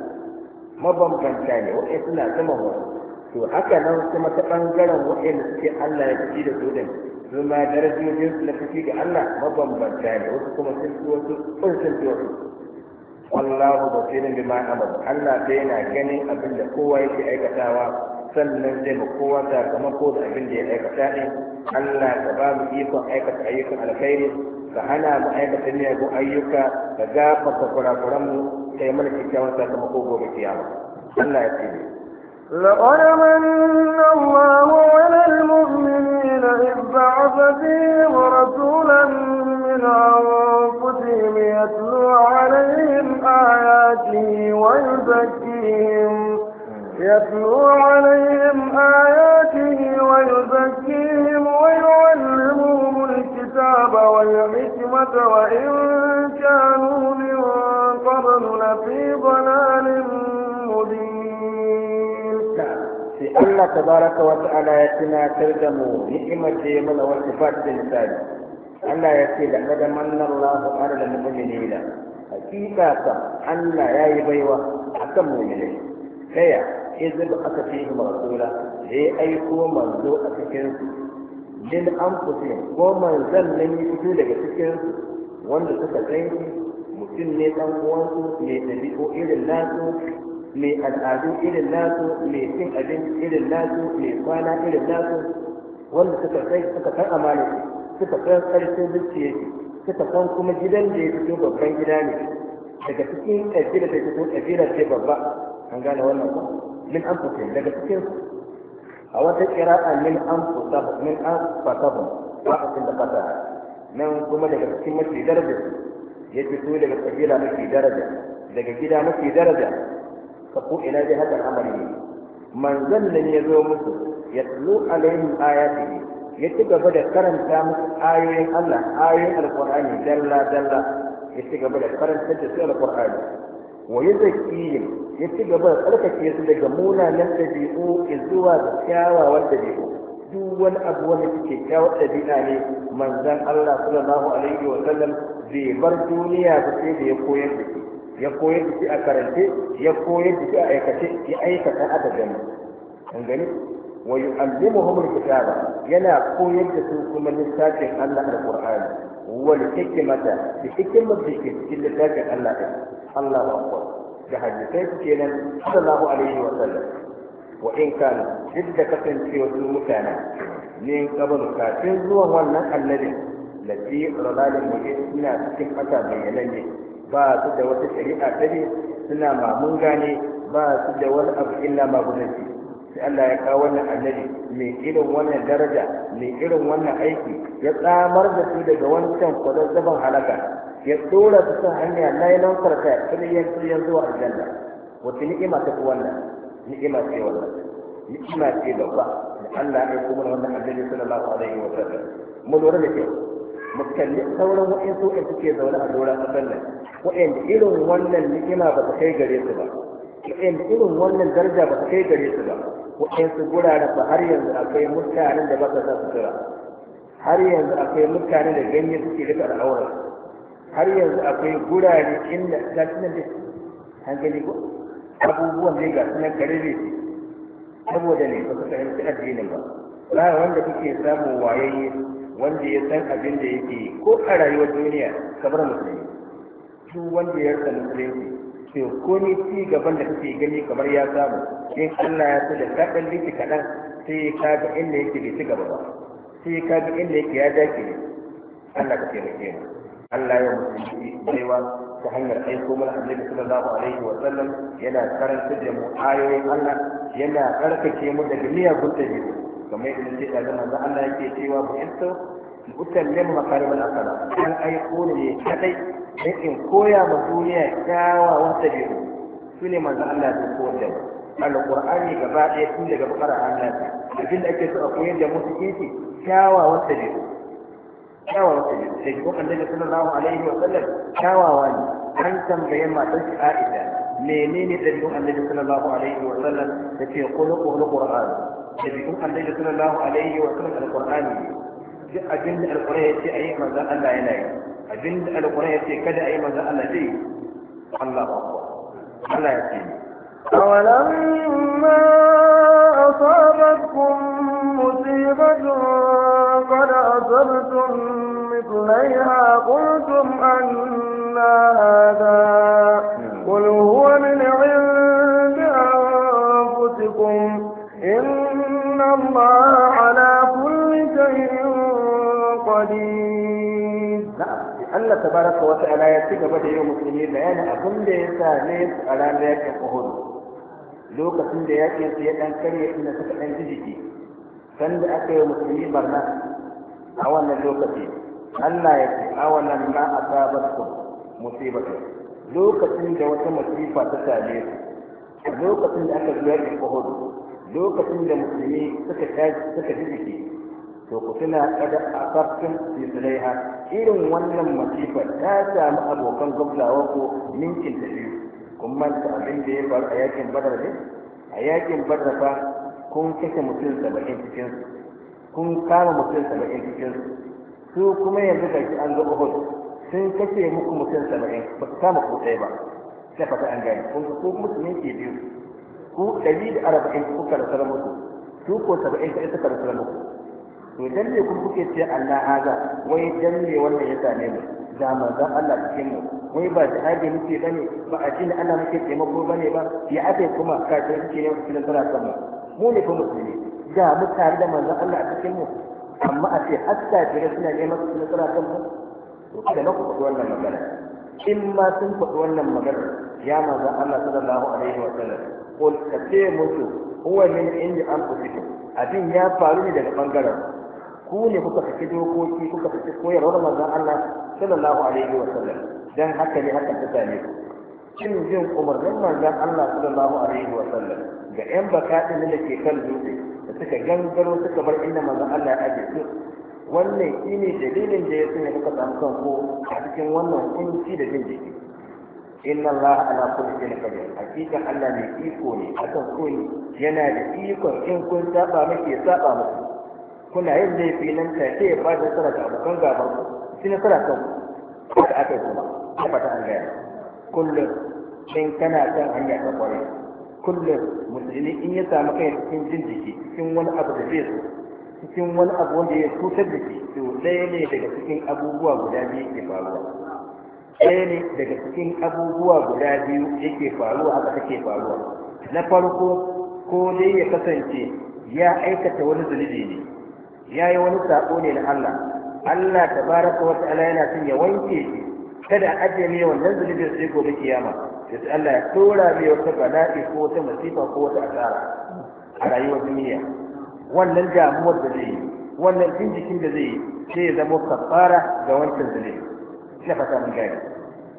mabambanta ne wa'in suna sama wasu to haka nan kuma ta ɓangaren waɗanda suke Allah ya fi da su din su ma darajojin su na fi ga Allah mabambanta ne wasu kuma sun fi wasu kun sun fi wasu wallahu basirin bima amal Allah sai yana ganin abin da kowa yake aikatawa sannan zai ma kowa sakamako da abin da ya aikata ne Allah ka ba mu ikon aikata ayyukan alkhairi ka hana mu aikata miyagun ayyuka ka kurakuran mu kai mana kyakkyawan sakamako gobe kiyama Allah ya tsire الله على المؤمنين إذ بعث فيهم رسولا من أنفسهم يتلو ويزكيهم يتلو عليهم آياته ويزكيهم ويعلمهم الكتاب والحكمة وإن كانوا من قبل لفي ضلال مبين Allah tabaraka wa ta'ala ya tunatar da mu ni'imar da ya mana wata fata misali Allah ya ce da manna Allahu 'ala al-mu'minina hakika ka Allah ya yi baiwa akan mu'minai kaya izin aka fi mu rasula da ya aiko manzo a cikin su din an fusi ko manzon nan ya fito daga cikin su wanda suka san mutum ne dan uwansu ne da ko irin nasu mai al'adu irin nasu mai cin abinci irin nasu mai kwana irin nasu wanda suka sai suka san amana suka san ƙarfin zuciya suka san kuma gidan da ya fito babban gida ne daga cikin ƙabila da fito ƙabila ce babba an gane wannan ko min an fito daga cikin a wata ƙira'a min an fito min an fata ba a cikin da fata nan kuma daga cikin mafi daraja ya fito daga ƙabila mafi daraja daga gida mafi daraja ta ko ina dai haka amari ne manzon nan ya zo musu ya tulu alaihim ayatihi ya ci gaba da karanta musu ayoyin Allah ayoyin alqur'ani dalla dalla ya cigaba da karanta su alqur'ani wa yuzakkihim ya ci da tsarkake su daga munanan dabi'u zuwa ga kyawawan dabi'u duk wani abu wanda suke kyawar ɗabi'a ne manzon Allah sallallahu alaihi wa sallam bar duniya ba sai da ya koyar da ya koyar da shi a karance ya koyar da shi a aikace ya aikata aka gani an gani wa yu'allimuhum al-kitaba yana koyar da su kuma littafin Allah al-Qur'ani wal hikmata bi hikmat da ke cikin littafin Allah din Allah akbar da hadisai kenan sallallahu alaihi wa sallam wa in kana duk da kasancewa su mutane ne kabar kafin zuwan wannan annabi lafi ralalin mutum suna cikin ƙasa ne. ba su da wata shari'a ta ne suna mamun gane ba su da wani abu illa magudanci sai Allah ya kawo wannan annabi mai irin wannan daraja mai irin wannan aiki ya tsamar da su daga wancan kwazazzaban halaka ya tsora su kan hanya lailan farka kuma yanzu ya zuwa aljanna wata ni'ima ta fi wannan ni'ima ce wannan ni'ima ce babba da Allah ya kuma wannan annabi sallallahu alaihi wa sallam mu lura da kyau mu sauran sauran waɗansu in suke zaune a doron ƙasar nan wa'in irin wannan ni'ima ba su kai gare su ba wa'in irin wannan daraja ba su kai gare su ba waɗansu gurare ba har yanzu akwai mutanen da ba sa sa sutura har yanzu akwai mutanen da ganye suke rika al'aura har yanzu akwai gurare inda ga su nan an gani ko abubuwan dai ga su nan karere saboda ne ba su fahimci addinin ba ba wanda kuke samun wayayye wanda ya san abin da yake ko a rayuwar duniya kamar musulmi duk wanda ya rasa musulunci to komai ci gaban da kake gani kamar ya samu in Allah ya so da kaɗan? liki kadan sai ka ga inda yake bai ci gaba ba sai ka ga inda yake ya dace ne Allah ka taimake mu Allah ya musulunci baiwa ta hanyar aiko mana annabi sallallahu alaihi wa sallam yana karanta da mu ayoyin Allah yana karkace mu daga miyagun dabi'u kamar yadda ce da zama za Allah yake cewa bu yanta mutallin makarimin akala an aiko ne kadai don in koya ma duniya kyawawan ɗabi'u su ne manzan Allah ya koyar da mu alƙur'ani gaba ɗaya tun daga bakara Allah ce abin da ake so a koyar da musu kinki kyawawan ɗabi'u kyawawan ɗabi'u ko jikin annabi sallallahu alaihi wa sallam kyawawa ne an tambaye matar shi Aisha menene ɗabi'un annabi sallallahu alaihi wa sallam da ke kullu kullu qur'ani ɗabi'un annabi sallallahu alaihi wa sallam alqur'ani duk abin da alqur'ani yace ayi manzon Allah yana yi abin da alqur'ani yace kada ayi manzon Allah zai Allah akbar Allah ya ce أولما أصابتكم مصيبة قد أصبتم مثليها قلتم أنا هذا قل هو من عند الله على كل شيء قدير Allah ta baraka wa ta'ala ya ci gaba da yi musulmi bayanin abin da ya same su a ranar yakin Uhud lokacin da yakin su ya dan karye inda suka dan jijiki sanda aka yi musulmi barna a wannan lokaci Allah ya ce a wannan ma asabatkum musibatu lokacin da wata musifa ta same su lokacin da aka yi yakin Uhud lokacin da musulmi suka tashi suka ji jiki to ku tuna kada a farkin fitilaiha irin wannan masifar ta samu abokan gwamnawa ko ninkin da biyu kun manta abin da ya faru a yakin badar ne a yakin badar fa kun kashe mutum saba'in cikin kun kama mutum saba'in cikin su kuma yanzu ga shi an ga uhud sun kashe muku mutum saba'in ba su kama ko ɗaya ba sai fata an gani kun ko musulmi ke biyu ko ɗari da arba'in kuka da sarar muku su ko saba'in ka isa da sarar muku to dan ne kun kuke ce Allah haza wai dan ne wannan ya same mu ga manzon Allah cikin mu wai ba haje muke bane ba a cikin Allah muke taimako bane ba ya ake kuma kafin suke ne cikin sura kan mu ne fa musulmi ga mu tare da manzon Allah a cikin mu amma a ce hatta jira suna neman su cikin sura kan to kada na ku faɗi wannan magana in ma sun faɗi wannan magana ya manzon Allah sallallahu alaihi wa sallam kul ka ce musu huwa min an anfusikum abin ya faru ne daga bangaren ku ne kuka saki dokoki kuka saki koyarwar manzon Allah sallallahu alaihi wa sallam dan haka ne haka ta same ku cin jin umarnin manzon Allah sallallahu alaihi wa sallam ga yan din da ke kan dutse da suka gangaro suka bar inda manzon Allah ya aje su wannan shine dalilin da ya sanya kuka samu kanku a cikin wannan kunci da jin jiki inna Allah ala kulli shay'in qadir hakika Allah ne iko ne akan koyi yana da ikon in kun saba muke saba muku kuna yin laifi nan ta ce ya da nasara ga abokan gaban ku shi nasara kan ku haka aka kuma ta fata an gaya kullum in kana kan hanya ta kwarai kullum musulmi in ya samu kai cikin jin jiki cikin wani abu da zai so cikin wani abu wanda ya tutar da shi to ɗaya ne daga cikin abubuwa guda biyu ke faruwa ɗaya ne daga cikin abubuwa guda biyu yake faruwa haka take faruwa na farko ko dai ya kasance ya aikata wani zunubi ne ya yi wani saƙo ne na Allah Allah tabaraka wata ala yana son ya wanke shi kada a ajiye mai wannan zunubin sai gobe kiyama su Allah ya tura mai wata bala'i ko wata masifa ko wata asara a rayuwar duniya wannan damuwar da zai yi wannan jikin da zai yi sai ya zama kafara ga wancan zunubi mun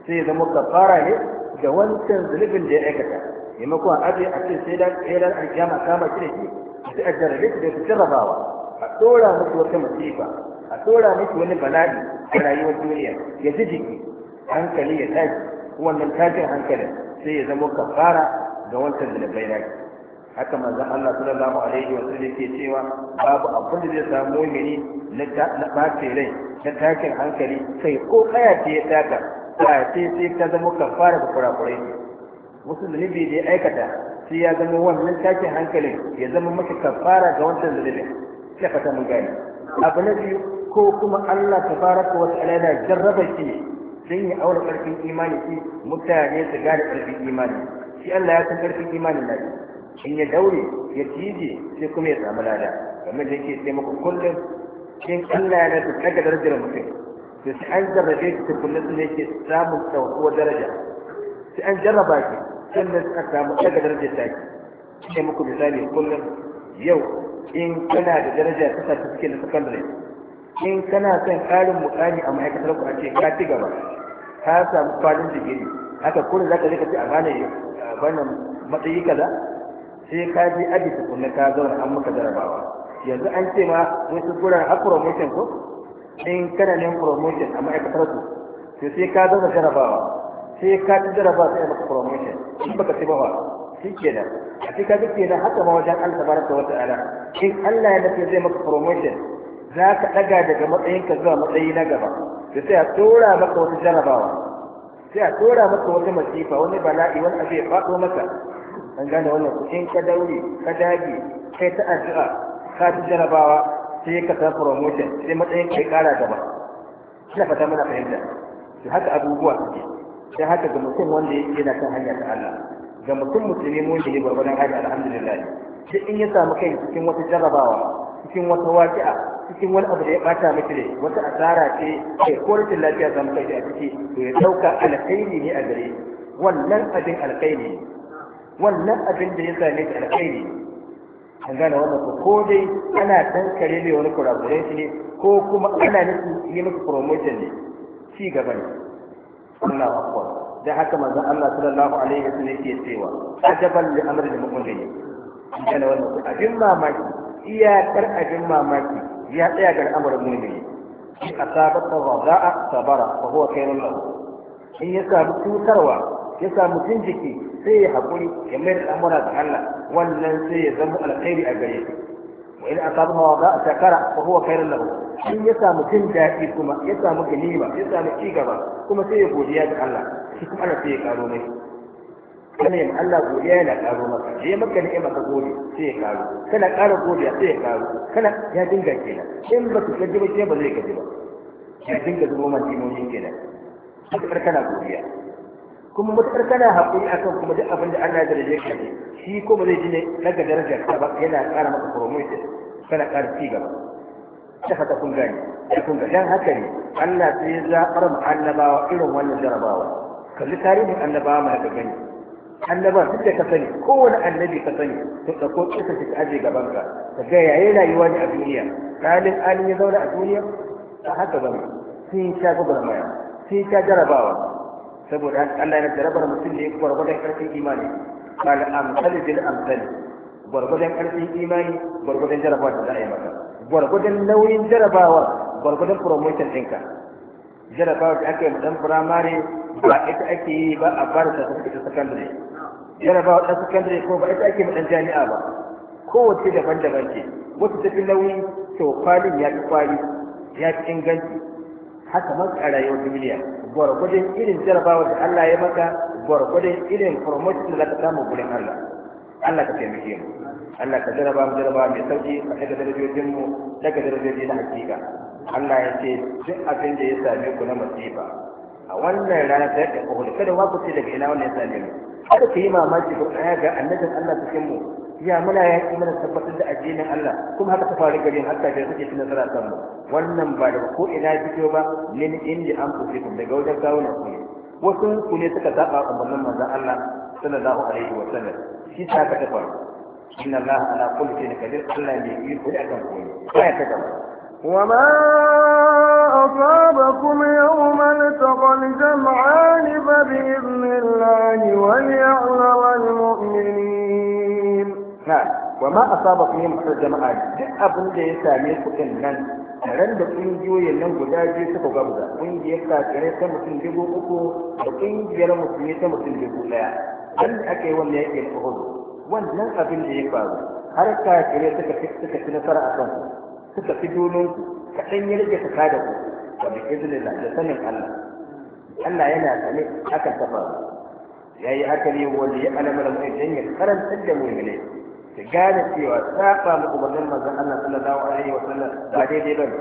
sai ya zama kafara ne da wancan zulubin da ya aikata maimakon aje a ce sai da ƙerar alkiyama kama shi da shi a jarrabe shi da su jarrabawa a ɗora musu wata masifa a ɗora musu wani bala'i a rayuwar duniya ya ji jiki hankali ya tashi wannan tashin hankalin sai ya zama kafara ga wancan ya na haka manzon Allah sallallahu alaihi wasallam yake cewa babu abin da zai samu mu'mini na na rai na takin hankali sai ko kaya ce ya taka ta ce sai ka zama fara da kurakurai musulmi bai da aikata sai ya zama wannan takin hankalin ya zama maka kafara ga wancan zalibin sai ka mun gani abu na biyu ko kuma Allah tabaraka wa ta'ala yana jarraba shi sai ya aure karfin imani shi mutane su gane karfin imani shi Allah ya san karfin imani na shi in ya daure ya cije sai kuma ya samu lada kamar da yake sai muku kullum in Allah ya nasu daga darajar mutum Da sai an jarrabe shi ta kullum sai yake samun ɗaukuwar daraja sai an jarraba shi da suka samu daga darajar ke, sai muku misali kullum yau in kana da daraja ta da na secondary in kana son ƙarin mukami a ma'aikatar ku a ce ka ci gaba ka samu kwalin jigiri haka kullum za ka je ka ci a bana matsayi kaza sai ka je aji tukunna ka zauna an maka jarabawa yanzu an ce ma wai su guran har promotion ko in kana neman promotion a ma'aikatar su to sai ka zauna jarabawa sai ka ci jarabawa sai maka promotion in baka ci ba ba shi kenan a ce ka gaske na haka ma wajen Allah tabaraka wata ta'ala in Allah ya dace zai maka promotion za ka daga daga matsayinka zuwa matsayi na gaba to sai a tura maka wata jarabawa sai a tura maka wata masifa wani bala'i wani abu ya faɗo maka an gane wannan ku in ka daure ka dage kai ta addu'a ka ci jarabawa sai ka samu promotion sai matsayin kai kara gaba Kina fata mana fahimta to haka abubuwa suke sai haka ga mutum wanda yana kan hanya ta Allah ga mutum musulmi mun ne gwargwadon hali alhamdulillah sai in ya samu kai cikin wata jarabawa cikin wata waƙi'a cikin wani abu da ya bata miki dai wata asara ce kai ko rashin lafiya zamu kai da ciki to ya dauka alkhairi ne a gare wannan abin alkhairi wannan abin da ya same ka alkhairi an gane wannan ko ko dai ana dan kare mai wani kurakurai shi ne ko kuma ana nufin yi maka promotion ne ci gaba ne Allah akbar da haka manzo Allah sallallahu alaihi wasallam yake cewa ajaban li amri al-mu'min an gane wannan abin mamaki iyakar abin mamaki ya tsaya ga al'amarin mu'mini asabata wada'a sabara fa huwa khairun lahu in ya samu cutarwa ya samu jin jiki sai ya haƙuri ya mai da lamura da Allah wannan sai ya zama alkhairi a gare shi wa in asabaha wa za a shakara fa huwa khairul lahu in ya samu jin daɗi kuma ya samu ganima ya samu ci gaba kuma sai ya godiya ga Allah shi kuma Allah sai ya karo mai kana yin Allah godiya yana karo maka je maka ne maka gode sai ya karo kana karo godiya sai ya karo kana ya dinga kenan in ba ka gaji ba sai ba zai gaji ba ya dinga zuwa man timomin kenan haka kana godiya kuma matuƙar kana haƙuri a kan kuma duk abin da Allah ya daraje ka ne shi kuma zai ji ne daga darajar ka ba yana ƙara maka promotion kana ƙara ci gaba ta haka kun gani da kun ga dan haka ne Allah sai ya zaɓar mu annabawa irin wannan jarabawa kalli tarihin annabawa mu daga gani annaba duk da ka sani kowane annabi ka sani to da ko kisa ta aje gaban ka ka ga yayin rayuwa ne a duniya ɗalin alin ya zauna a duniya ta haka zama sun sha maya. sun sha jarabawa saboda Allah yana jarabar mutum ne gwargwadon karfin imani kal amsal bil amsal gwargwadon karfin imani gwargwadon jarabawa da za a yi maka gwargwadon nauyin jarabawa gwargwadon promotion ɗinka jarabawa da aka yi dan firamare ba ita ake yi ba a bar ta ta secondary jarabawa ta secondary ko ba ita ake yi dan jami'a ba kowace daban-daban ce wata tafi nauyi to kwalin ya fi kwali ya fi inganci haka ma a rayuwar duniya gwargwadon irin jarabawar da Allah ya maka gwargwadon irin promotion da ka samu gurin Allah Allah ka taimake mu Allah ka jaraba mu jaraba mai sauki ka daga darajojin mu daga darajoji na hakika Allah ya ce duk abin da ya same ku na masifa a wannan rana ta yadda ku kada wa ku ce daga ina wannan ya same mu kada ka yi mamaki ko tsaya ga annabin Allah cikin mu ya muna yaƙi mana tabbatar da addinin Allah kuma haka ta faru garin hatta da suke cin nasara kan mu wannan ba da ko ina fito ba min inda an fusi kun daga wajen kawuna ku ne wasu ku ne suka saba umarnin manzon Allah sallallahu alaihi wa sallam shi ta ka ta faru inna Allah ala kulli shay'in qadir Allah ne yi ku akan ku ne kai ka ta وما أصابكم يوم التقى الجمعان فبإذن الله وليعلم المؤمنين na wa ma a asaba ku yin jama'a duk abin da ya same ku din nan ran da kungiyoyin nan guda biyu suka gabza ƙungiyar kafirai ta mutum dubu uku da kungiyar musulmi ta mutum dubu ɗaya, an da aka yi wannan yakin uhud wannan abin da ya faru har kafirai suka fi suka fi nasara a kan suka fi domin kaɗan ya rage ka da ku da bi iznillah da sanin Allah Allah yana sane akan ta faru yayi haka ne wanda ya alamar mai dan ya karantar da ne. ta gane cewa saba mu umarnin manzon Allah sallallahu alaihi wa sallam ba daidai bane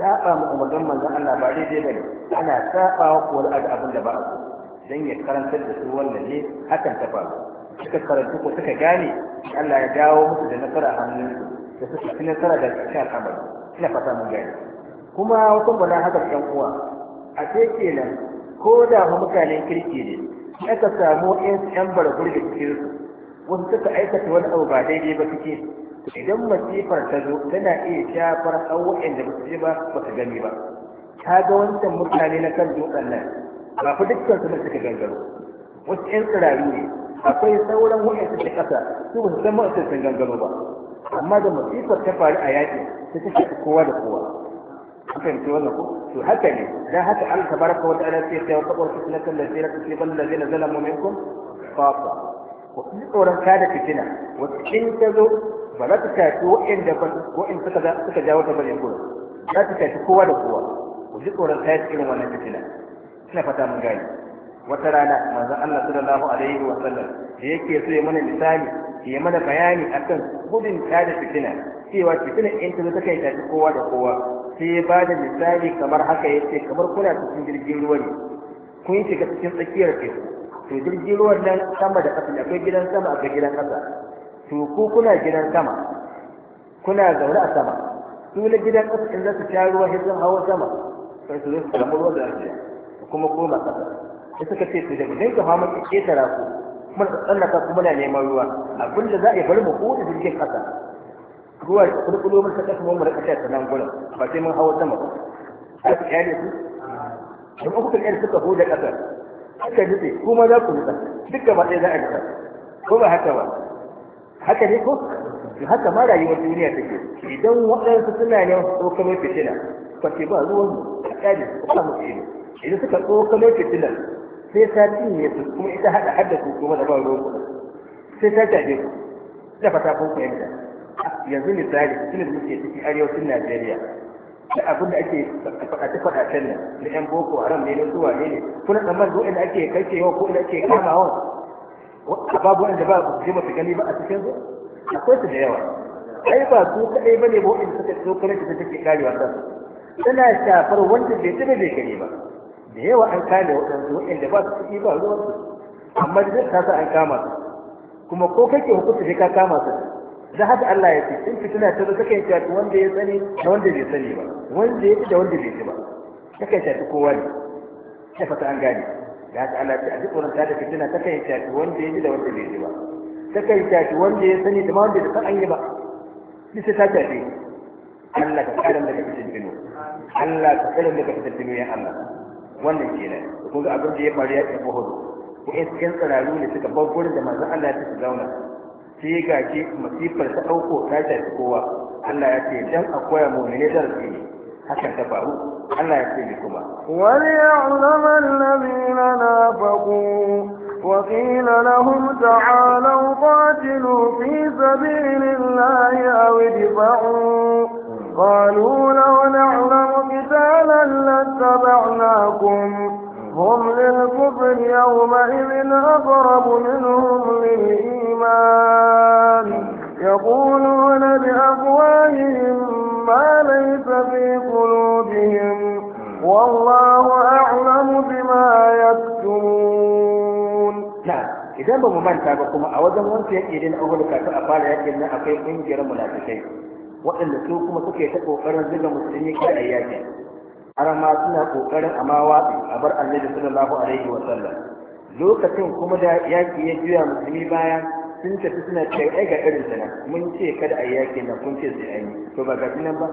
saba mu umarnin manzon Allah ba daidai bane ana sabawa kowa wani abin da ba a so dan ya karantar da su wannan ne hakan ta faru suka karantu ko suka gane Allah ya dawo musu da nasara a hannun da suka fi nasara da cikin amari ina fata mun gane kuma wata bana haka ɗan uwa a ce kenan ko da mutanen kirki ne aka samu 'yan bara gurbi cikin su wasu suka aikata wani abu ba daidai ba suke idan masifar ta zo tana iya shafar ɗan da ba su je ba ba su gani ba ta ga wancan mutane na kan dutsen nan ba fi dukkan su suka gangaro wasu ƴan tsirari ne akwai sauran wa'yansu da ƙasa su ba su san masu sun gangaro ba amma da masifar ta faru a yaƙi ta ta kowa da kowa an fahimci wannan ko to haka ne dan haka Allah tabaraka wa ta'ala sai ya kawo kabar fitnatan da sai ra tusiban da zai nazala mu'minkum khafa ku ji tsoron kada fitina wasu in ta zo ba za ta shafi waɗanda ba wa'in suka jawo ta bane gudu za ta shafi kowa da kowa ku ji tsoron kada irin wannan fitina suna fata mun gane wata rana manzon Allah sallallahu alaihi wa sallam da yake so ya mana misali ya mana bayani akan gudun kada fitina cewa fitina in ta zo ta kai shafi kowa da kowa sai ya bada misali kamar haka yace kamar kuna cikin jirgin ruwa ne kun shiga cikin tsakiyar teku sai jirgin ruwan nan sama da ƙasa akwai gidan sama akwai gidan ƙasa to ku kuna gidan sama kuna zaune a sama su na gidan ƙasa in za su sha ruwa sai sun hawa sama sai su zo su samu ruwa da su kuma koma ƙasa sai suka ce to da gidan ka hawa muka ƙetara ku muna tsallaka kuma muna neman ruwa abin da za a yi bari mu ko da jirgin ƙasa ruwa da kulkulo mun ta kuma mu riƙa sha ta nan gurin ba sai mun hawa sama ba har su ƙyale su kuma kuka kan suka huda ƙasar aka nutse kuma za ku nutsa duk gaba ɗaya za a nutsa ko ba haka ba haka ne ko haka ma rayuwar duniya take idan waɗansu suna ne tsokano fitina kwace ba ruwan mu a ƙari ko ba musu idan suka tsokano fitina sai ta cinye su kuma ita haɗa haɗa ku kuma da ba ruwan ku sai ta jaje ku da fata ku fahimta yanzu misali suna da muke ciki arewacin Najeriya da abin da ake faɗace can nan da yan boko haram ne na zuwa ne ne kuna tsammanin ko inda ake kacewa ko inda ake wa? a babu wanda ba su je masu gani ba a cikin su akwai su da yawa ai ba su kaɗai ba ne ba wanda suka so kare ta take karewa ta tana shafar wanda bai taɓa bai gani ba da yawa an kare waɗansu waɗanda ba su kuɗi ba ruwan su amma duk ta sa an kama su kuma ko kake hukunta sai ka kama su da haka Allah ya ce in fitina ta zo kakan shafi wanda ya sani da wanda bai sani ba wanda ya ci da wanda bai ci ba kakan shafi kowa ne ta fata an gane da haka Allah ya ce a duk wurin ta da fitina kakan shafi wanda ya ji da wanda bai ji ba kakan shafi wanda ya sani da ma wanda bai san an yi ba Ni bisa ta shafi Allah ka kare daga fitintinu Allah ka kare daga fitintinu ya Allah wannan kenan ko ga abin da ya faru ya tafi hudu ko in tsiraru ne suka bar gurin da manzon Allah ya tafi zauna sai ga ki masifar ta dauko ta shafi kowa Allah ya ce dan akwai mu'mini darasi ne hakan ta faru Allah ya ce ni kuma wal ya'lamu alladhina nafaqu وقيل لهم تعالوا قاتلوا في سبيل الله أو ادفعوا قالوا لو نعلم قتالا لاتبعناكم هم للكفر يومئذ أقرب منهم للإيمان يقولون بأفواههم ما ليس في قلوبهم والله أعلم بما يكتمون نعم. إذا بما من سابقكم أود أن أنت يجدين أول كاتب أقال يجدنا أقيم من جرم لا تشيء وإن لكم كيف تقوفر زل مسلمين har ma suna kokarin a ma a bar annabi sallallahu alaihi wa sallam lokacin kuma da yaki ya juya musulmi baya sun tafi suna kai ai ga irin sana mun ce kada a yaki na kun ce sai ai to ba ga nan ba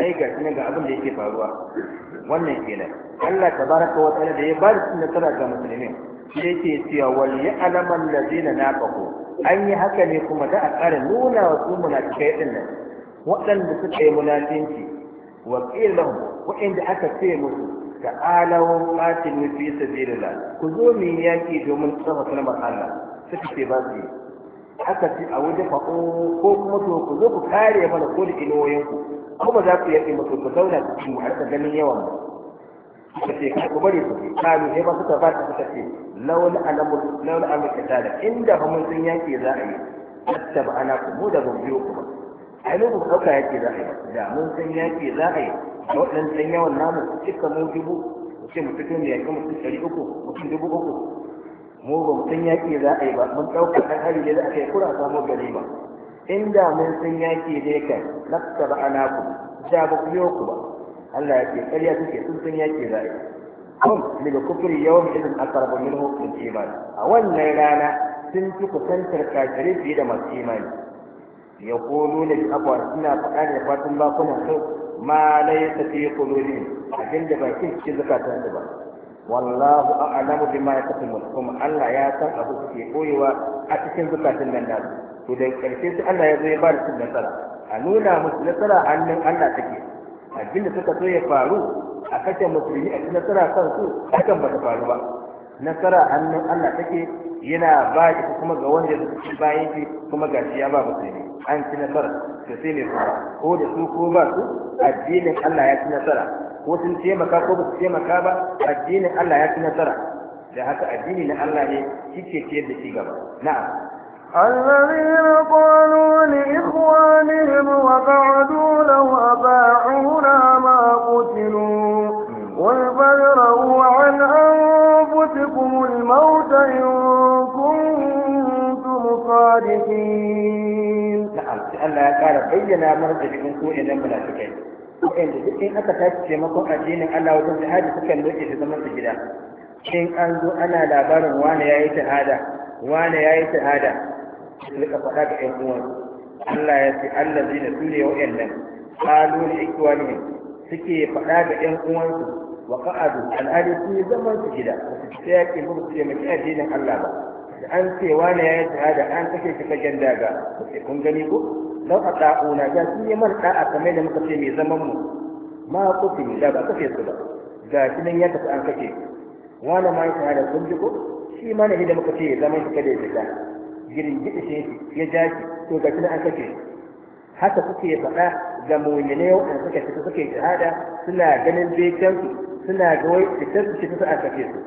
ai ga nan ga abin da yake faruwa wannan kenan Allah tabaraka wa ta'ala da ya ba da nasara ga musulmin shi yake cewa wal ya'lamu allazina nafaqu an yi haka ne kuma da a ƙara nuna wa su munafikai din nan waɗanda suka yi munafinci وقيل لهم وإن أتى في مسلم ta'alawo qatil min fi sabilillah ku zo mu yaki domin tsafa kalmar Allah suka ce ba su aka ce a waje fa ko kuma to ku zo ku kare mana ko da iloyin ku kuma za ku yaki mutu ku zauna ku ci har ka ganin yawan suka ce ku bari ku kare sai ba suka fata suka ce laula alamu laula amika tada inda fa mun sun yaki za a yi tattaba ana ku mu da ban biyo ku ba ai mun ɗauka yake za a yi da mun san yake za a yi da waɗannan san yawan namu duka mu dubu mu ce mu fito ne yaƙi mutum ɗari uku mutum dubu uku mu ba mu san yake za a yi ba mun ɗauka ɗan hari ne za a kai kura samu gari ba In da mun san yake dai kai na ba ana ku da ba ku yi ku ba Allah ya ce ƙarya suke sun san yake za a yi هم للكفر يوم إذن أقرب منه من الإيمان أولا رانا sun fi kusantar kafirai fiye da masu imani ya kolo da abuwa suna faɗa da fatan bakunan su ma lai ta tafi ya kolo ne abin da bakin cikin zakatan ba wallahu a'lamu bima yaktumun kuma Allah ya san abu ke koyewa a cikin zakatan nan da to da karshe sai Allah ya zo ya ba da su nasara a nuna musu nasara hannun Allah take abin da suka so ya faru a kashe musulmi a cikin nasara kansu hakan ba ta faru ba nasara hannun Allah take yana ba ita kuma ga wanda ya bayan shi kuma shi ya ba musulmi an ci nasara to sai ne ko da su ko ba su addinin Allah ya ci nasara ko sun taimaka ko ba su taimaka ba addinin Allah ya ci nasara da haka addini na Allah ne kike ciyar da shi gaba na'am الذين قالوا لإخوانهم وقعدوا لو أباعونا ما قتلوا قل فادروا عن أنفسكم الموت إن كنتم صادقين Allah ya ƙara bayyana mana da cikin ko idan munafikai wanda duk in aka tashi taimakon addinin Allah wajen jihadi sukan loke su zaman su gida in an zo ana labarin wani yayi shahada wani yayi shahada su rika faɗa ga ƴan uwan Allah ya ce Allah zai da su ne wa'annan qalu li ikwani suke faɗa ga ƴan su wa qa'adu al'adu su zaman su gida su tsaya ke ce mu addinin Allah ba da an ce wani ya yi shahada an kace shi fagen daga sai kun gani ko lau a ɗa'una ya sun yi mana ɗa'a kamar da muka ce mai zaman mu ma kufin da ba kafe su ba ga shi nan ya tafi an kafe wani ma ya shahada sun ji ko shi ma ne da muka ce ya zama shi kada ya fita girin gida shi ya ja shi to ga shi nan an kafe haka kuke faɗa ga mummune waɗanda suka fita suke yi shahada suna ganin bekansu suna ga wai fitar su fita an kafe su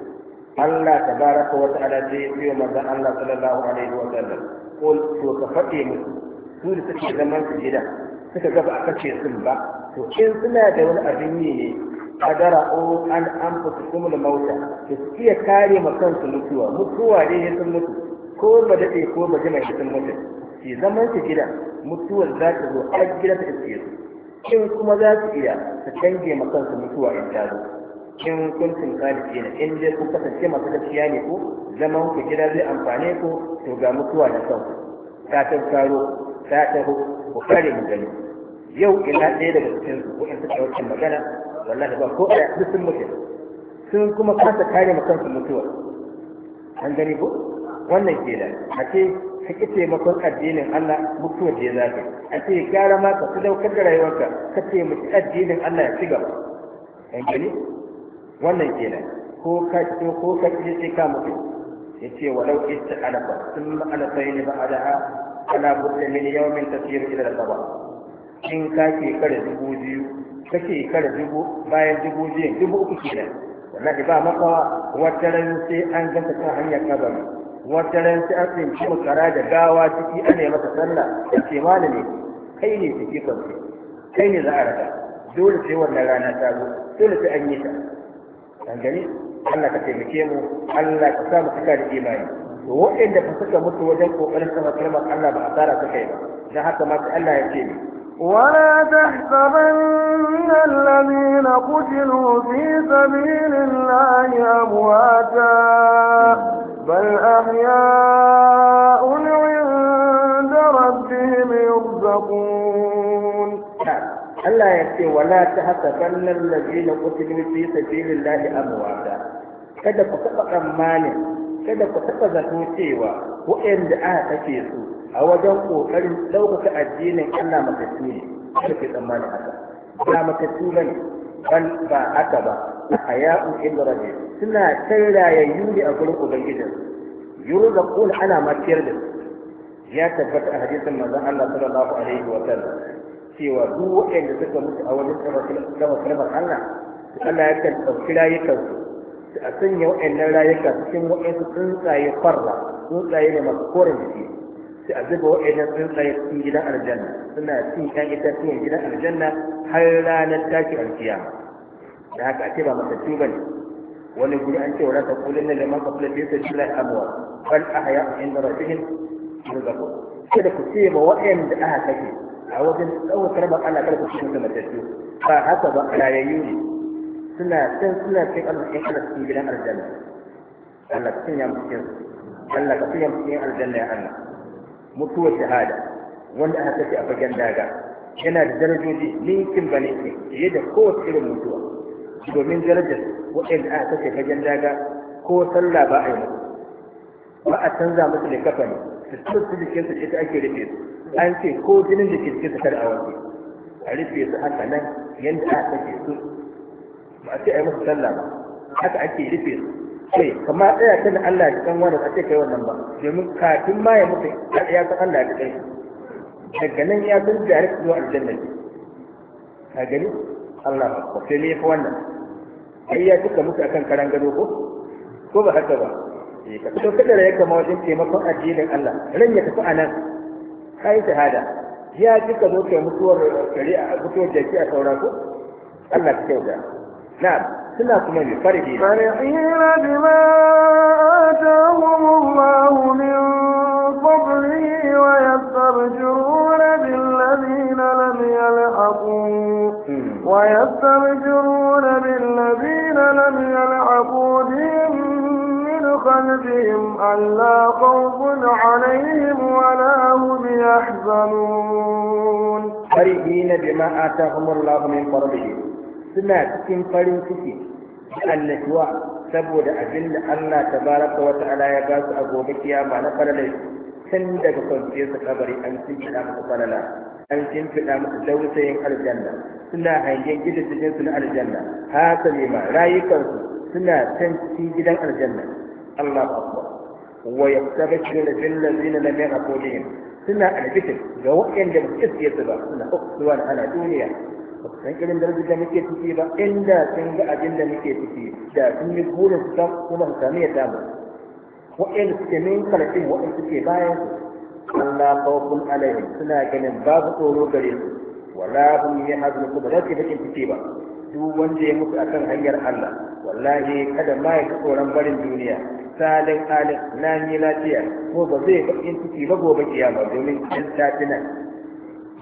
Allah tabaraka wa ta'ala zai yi wa manzon Allah sallallahu alaihi wa sallam qul to ka faɗe musu su da suke zaman su gida suka gaba a kace sun ba to in suna da wani abin yi ne a o an an fusu kuma da mauta to su iya kare ma kansu mutuwa mutuwa ne ya sun mutu ko ba daɗe ko ba jima shi sun mutu ke zaman su gida mutuwar za ta zo a gida ta iske su in kuma za su iya su canje ma kansu mutuwa in ta zo in kuntum sadiqina in dai kun kasance masu gaskiya ne ko zaman ku gida zai amfane ku to ga mutuwa da kanku ta tattaro ta taho ku kare mu gani yau ina ɗaya daga cikin su ko in suka yi magana wallahi ba ko ɗaya duk sun mutu sun kuma kasa kare ma kansu mutuwa an gani ko wannan ke da a ce ka ƙi taimakon addinin Allah mutuwa da za ka a ce gara ma ka sadaukar da rayuwarka ka taimaki addinin Allah ya ci gaba an gani wannan ke da ko ka so ko ka ƙi sai ka mutu ya ce walau ita alafa sun ma'alafai ne ba a da'a فلا بد من يوم تسير إلى sabah in ka kare dubu biyu ka kare dubu bayan dubu biyu dubu uku kenan wallahi ba maka wata ran sai an ganta ta hanyar kaza. wata ran sai an tsinci makara da gawa ciki ana yi masa sallah Ya ce malami kai ne ciki kwanci kai ne za a raka dole sai wannan rana ta zo dole sai an yi ta an gani Allah ka taimake mu Allah ka sa mu cika da imani wanda ba suka mutu wajen kokarin sama kirma Allah ba asara ta kai ba dan haka ma sai Allah ya ce ni ولا تحسبن الذين قتلوا في سبيل الله أمواتا بل أحياء عند ربهم يرزقون الله يكفي ولا تحسبن الذين قتلوا في سبيل الله أمواتا كذا فقط مانع kada ku taɓa zato cewa waɗanda aka kashe su a wajen ƙoƙarin ɗaukaka addinin Allah matattu ne kada ke tsammanin haka ba matattu ba ne ban ba haka ba a ya'u inda rabbi suna kai rayayyu ne a gurin ubangijin yurzaqun ana matiyar da ya tabbata a hadisin manzon Allah sallallahu alaihi wa sallam cewa duk waɗanda suka mutu a wajen tsara kalmar Allah Allah ya kan ɗauki rayukansu a sanya wa'annan rayuka cikin wa'ansu tsuntsaye farra tsuntsaye ne masu koren jiki sai a zuba wa'annan tsuntsaye cikin gidan aljanna suna cin kan itatuwan gidan aljanna har ranar tashi alkiyama da haka ake ba matattu ba ne wani guri an ce wa rasa kulin da man kafin da yake jila abuwa bal ahya inda rabbihim yurzaqun kada ku ce ma wa'anda aka kake a wajen tsawon karban ana kada ku da mutum matattu ba haka ba a rayayyu ne suna cin suna cin arzikin ana cikin gidan aljanna Allah ka sanya mu cikin Allah ka sanya cikin aljanna ya Allah mutuwar shahada wanda aka ce a fagen daga yana da darajoji ninkin ba ninkin fiye da kowace irin mutuwa domin darajar waɗanda aka ce fagen daga ko sallah ba a yi musu ba a canza musu da kafa ne su tsotsi jikinsu ita ake rufe su an ce ko jinin da ke cikin su kar a wanke a rufe su haka nan yadda aka ce su ba a ce a yi musu sallah ba haka ake rufe su sai. Kamar tsaya tana Allah ya san wani a ce kai wannan ba domin kafin ma ya mutu ya san Allah ya kai daga nan ya san jarik zuwa aljanna ka gani Allah ba ko sai me fa wannan ai ya tuka musu akan karan gado ko ko ba haka ba eh ka to kada ya kama wajen taimakon addinin Allah ran ya tafi anan kai shahada ya tuka zo kai mutuwar shari'a a mutuwar jaki a saurako Allah ta kyauta نعم سنة كمان فرحين فرحين بما آتاهم الله من فضله ويستبشرون بالذين لم يلحقوا ويستبشرون بالذين لم يلحقوا بهم من خلفهم ألا خوف عليهم ولا هم يحزنون فرحين بما آتاهم الله من فضله suna cikin farin ciki da annashuwa saboda abin da Allah baraka wa ta'ala ya ba su a gobe kiyama na farlai tun daga kwanciyar su kabari an fiɗa musu farala an fiɗa musu dausayin aljanna suna hangen gidajen su na aljanna haka ne ma rayukansu suna can cikin gidan aljanna Allah akbar wa zina na mai lam yaqulihim suna albitin ga waɗanda ba su ba suna da ana duniya dan irin darajar da muke ciki ba inda sun ga abin da muke ciki da sun yi burin su san kuma su sami yadda ba in suke min kalafin in suke bayan su Allah kawakun alaihi suna ganin babu tsoro gare su wala hum ba za da yi bakin ciki ba duk wanda ya mutu akan hanyar Allah wallahi kada ma ya tsoron barin duniya salin alin ni lafiya ko ba zai bakin ciki ba gobe kiyama domin in tafi nan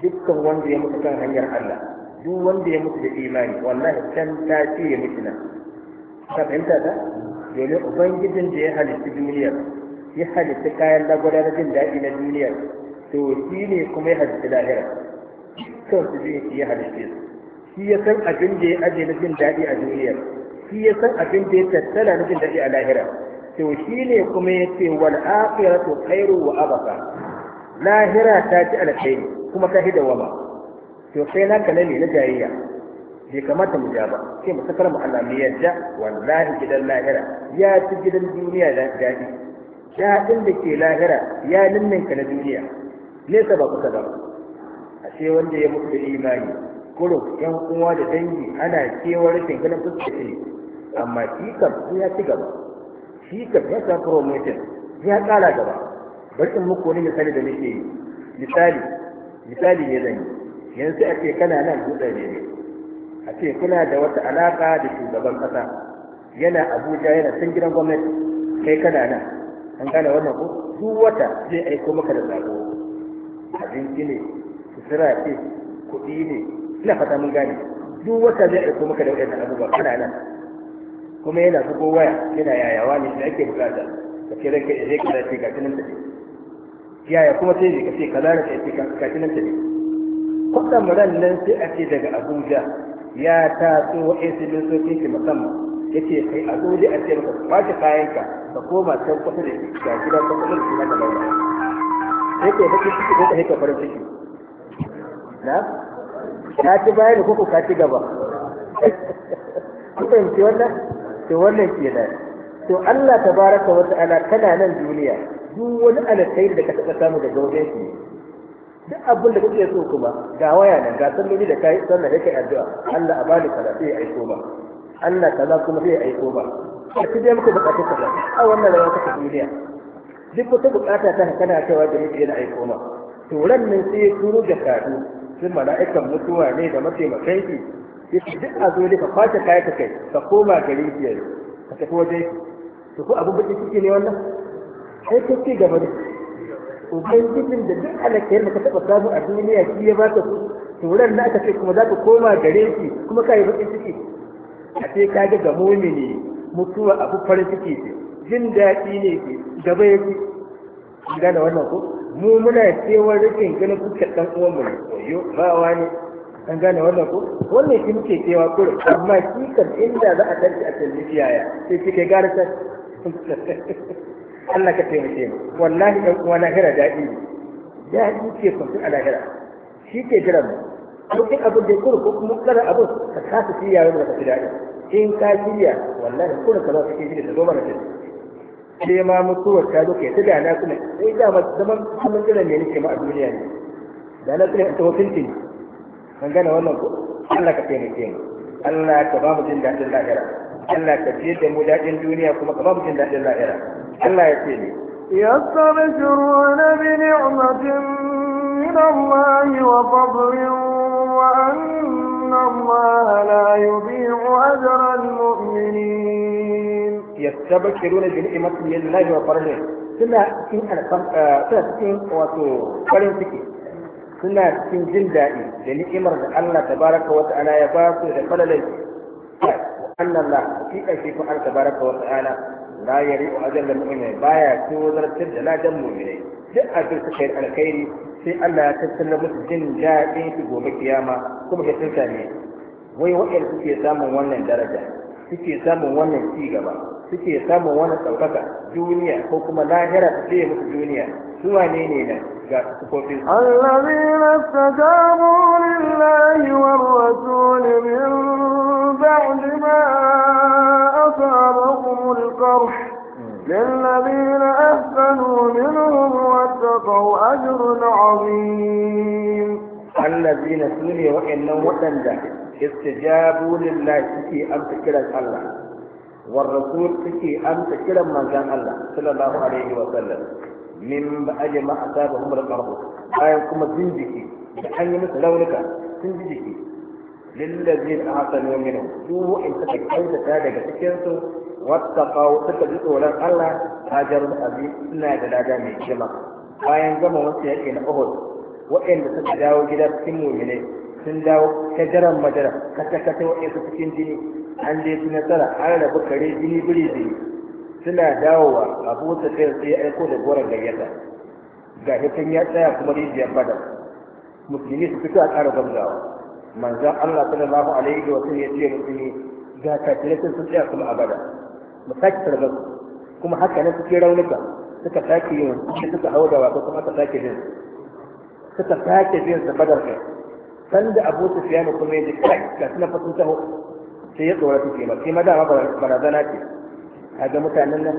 dukkan wanda ya mutu kan hanyar Allah duk wanda ya mutu da imani wallahi can ta ce ya mutu nan ka fahimta ta domin ubangijin da ya halitta duniyar ya halitta kayan lagwada na jin daɗi na duniyar to shi ne kuma ya halitta lahira kan su biyu shi ya halitta su shi ya san abin da ya aje na jin daɗi a duniyar shi ya san abin da ya tattala na jin daɗi a lahira to shi ne kuma ya ce wal akhiratu khairu wa abqa lahira ta ci alkhairi kuma ta ba. to sai naka na ne na jayayya bai kamata mu ja ba sai mu sakar mu Allah mu yadda wallahi gidan lahira ya ci gidan duniya da daɗi daɗin da ke lahira ya ka na duniya nesa ba kusa ba ashe wanda ya mutu da imani kurum yan uwa da dangi ana kewar rashin ganin fuska ce amma shi kam ya ci gaba shi kam ya sa promotion ya ƙara gaba bari in muku wani misali da nake yi misali misali ne zan yi yanzu ake kana nan dutse ne a ce kuna da wata alaka da shugaban kasa yana abuja yana can gidan gwamnati kai kana nan an gane wannan ko duk wata zai aiko maka da sako abinci ne sutura ce kuɗi ne ina fata mun gane duk wata zai aiko maka da waɗannan abubuwa kana nan kuma yana bugo waya yana yayawa ne da ake bukata ka ce ranka zai kaza ce ga kinan tafi yaya kuma sai ka ce kaza ka ce ga kinan tafi kwatsam rannan sai a ce daga abuja ya taso wa'insu dokokin shi musamman ya ce kai a zo a ce ba shi kayanka ka koma can kwata da shi ga gida ta kwata da shi na gaba sai ke baki ciki ko ka haika farin ciki na ka ci baya da koko ka ci gaba kun fahimci wannan to wannan kenan to Allah tabaraka wa ta'ala kana nan duniya duk wani alkhairi da ka taɓa samu daga wajen shi duk abin da kake so kuma ga waya nan ga salloli da kai sannan yake addu'a Allah a bani kaza sai ya aiko ba Allah kaza kuma sai ya aiko ba a cikin muku Ta kaza a wannan rayuwa ta duniya duk wata bukata ta kana cewa da muke yana aiko ma to ran nan sai ya turo da kadu sun mala'ikan mutuwa ne da mataimakan shi yake duk a zo ka kwace kai ka kai ka koma garin ki ka tafi waje to ko abin bakin ciki ne wannan sai kike gaba da to kai da duk alakayar da ka taɓa samu a duniya shi ya baka su to da aka ce kuma za ka koma gare shi kuma ka yi baƙin ciki a sai ka ga ga ne mutuwa abu farin ciki ce jin daɗi ne ke gaba ya ci gane wannan ko mu muna cewar rikin ganin kuka ɗan mu ne koyo ba wani an gane wannan ko wannan shi muke cewa kure amma shi kan inda za a tarki a tarbi yaya sai kike gane ta Allah ka taimake mu wallahi dan uwa hira daɗi ne daɗi ce kwanci a lahira shi ke jira mu dukkan abin da ya kuru ko kuma kada abin ka kasa shirya wani da ka fi daɗi in ka shirya wallahi kuna ka za ka ke jirgin ta zo mana ta sai ma mutuwar ta zuke ta da na kuma sai da ma zaman kuma jira ne nake ma a duniya ne da na tsira ta hukunci ne kan gane wannan ko Allah ka taimake mu Allah ka ba mu jin daɗin lahira Allah ka da mu daɗin duniya kuma ka ba mu jin daɗin la'ira Allah ya ce ne يستبشرون بنعمة من الله وفضل وأن الله لا يضيع أجر المؤمنين يستبشرون بنعمة من الله وفضل سنة سنة سنة وتو farin ciki suna cikin jin daɗi da ni'imar da Allah tabaraka wa ta'ala ya ba su da falalar أن الله في أي شيء فعل تبارك وتعالى لا يريء أجل المؤمنين بايا توزر تبدأ لا دم مؤمنين جاء في الخير على خيري في ألا تستنى مسجن جاء في قوم القيامة كما يتنسى لي ويوئل في سام ونن درجة في سام ونن سيغبا suke samun wani ɗaukaka duniya ko kuma lahira ta ce musu duniya su wane ne nan ga sufofin allazina istajabu lillahi war rasul min بعد ما أصابهم القرح للذين أحسنوا منهم واتقوا أجر عظيم الذين سنوا وإنهم وتنجا استجابوا لله في أن تكرة الله والرسول في أن تكرم من كان الله صلى الله عليه وسلم من أجل ما أصابهم القرح أيكم الزنجكي أن مثل لونك زنجكي lillazin ahsanu minhum su in suka kyautata daga cikin su wattaqaw suka ji tsoron Allah hajarun azim suna da lada mai girma bayan gama wasu yaƙi na Uhud waɗanda suka dawo gida cikin mu'minai sun dawo shajaran madara kata kata waɗansu cikin jini an je su nasara an rabu kare jini biri suna dawowa abu ta kai ya aiko da goron gayyata ga hikin ya tsaya kuma rijiyar badar musulmi su fito a gamzawa Manzan Allah sallallahu alaihi wa sallam ya ce musulmi ga kafirai sun tsaya kuma abada mu sake tarbar kuma haka ne suke raunuka suka sake yin suka hau da wato kuma suka sake jin suka sake jin su badar kai sanda Abu Sufyan kuma ya ji kai ga suna ta taho sai ya tsora su ma kema da ma barazana ce ga mutanen nan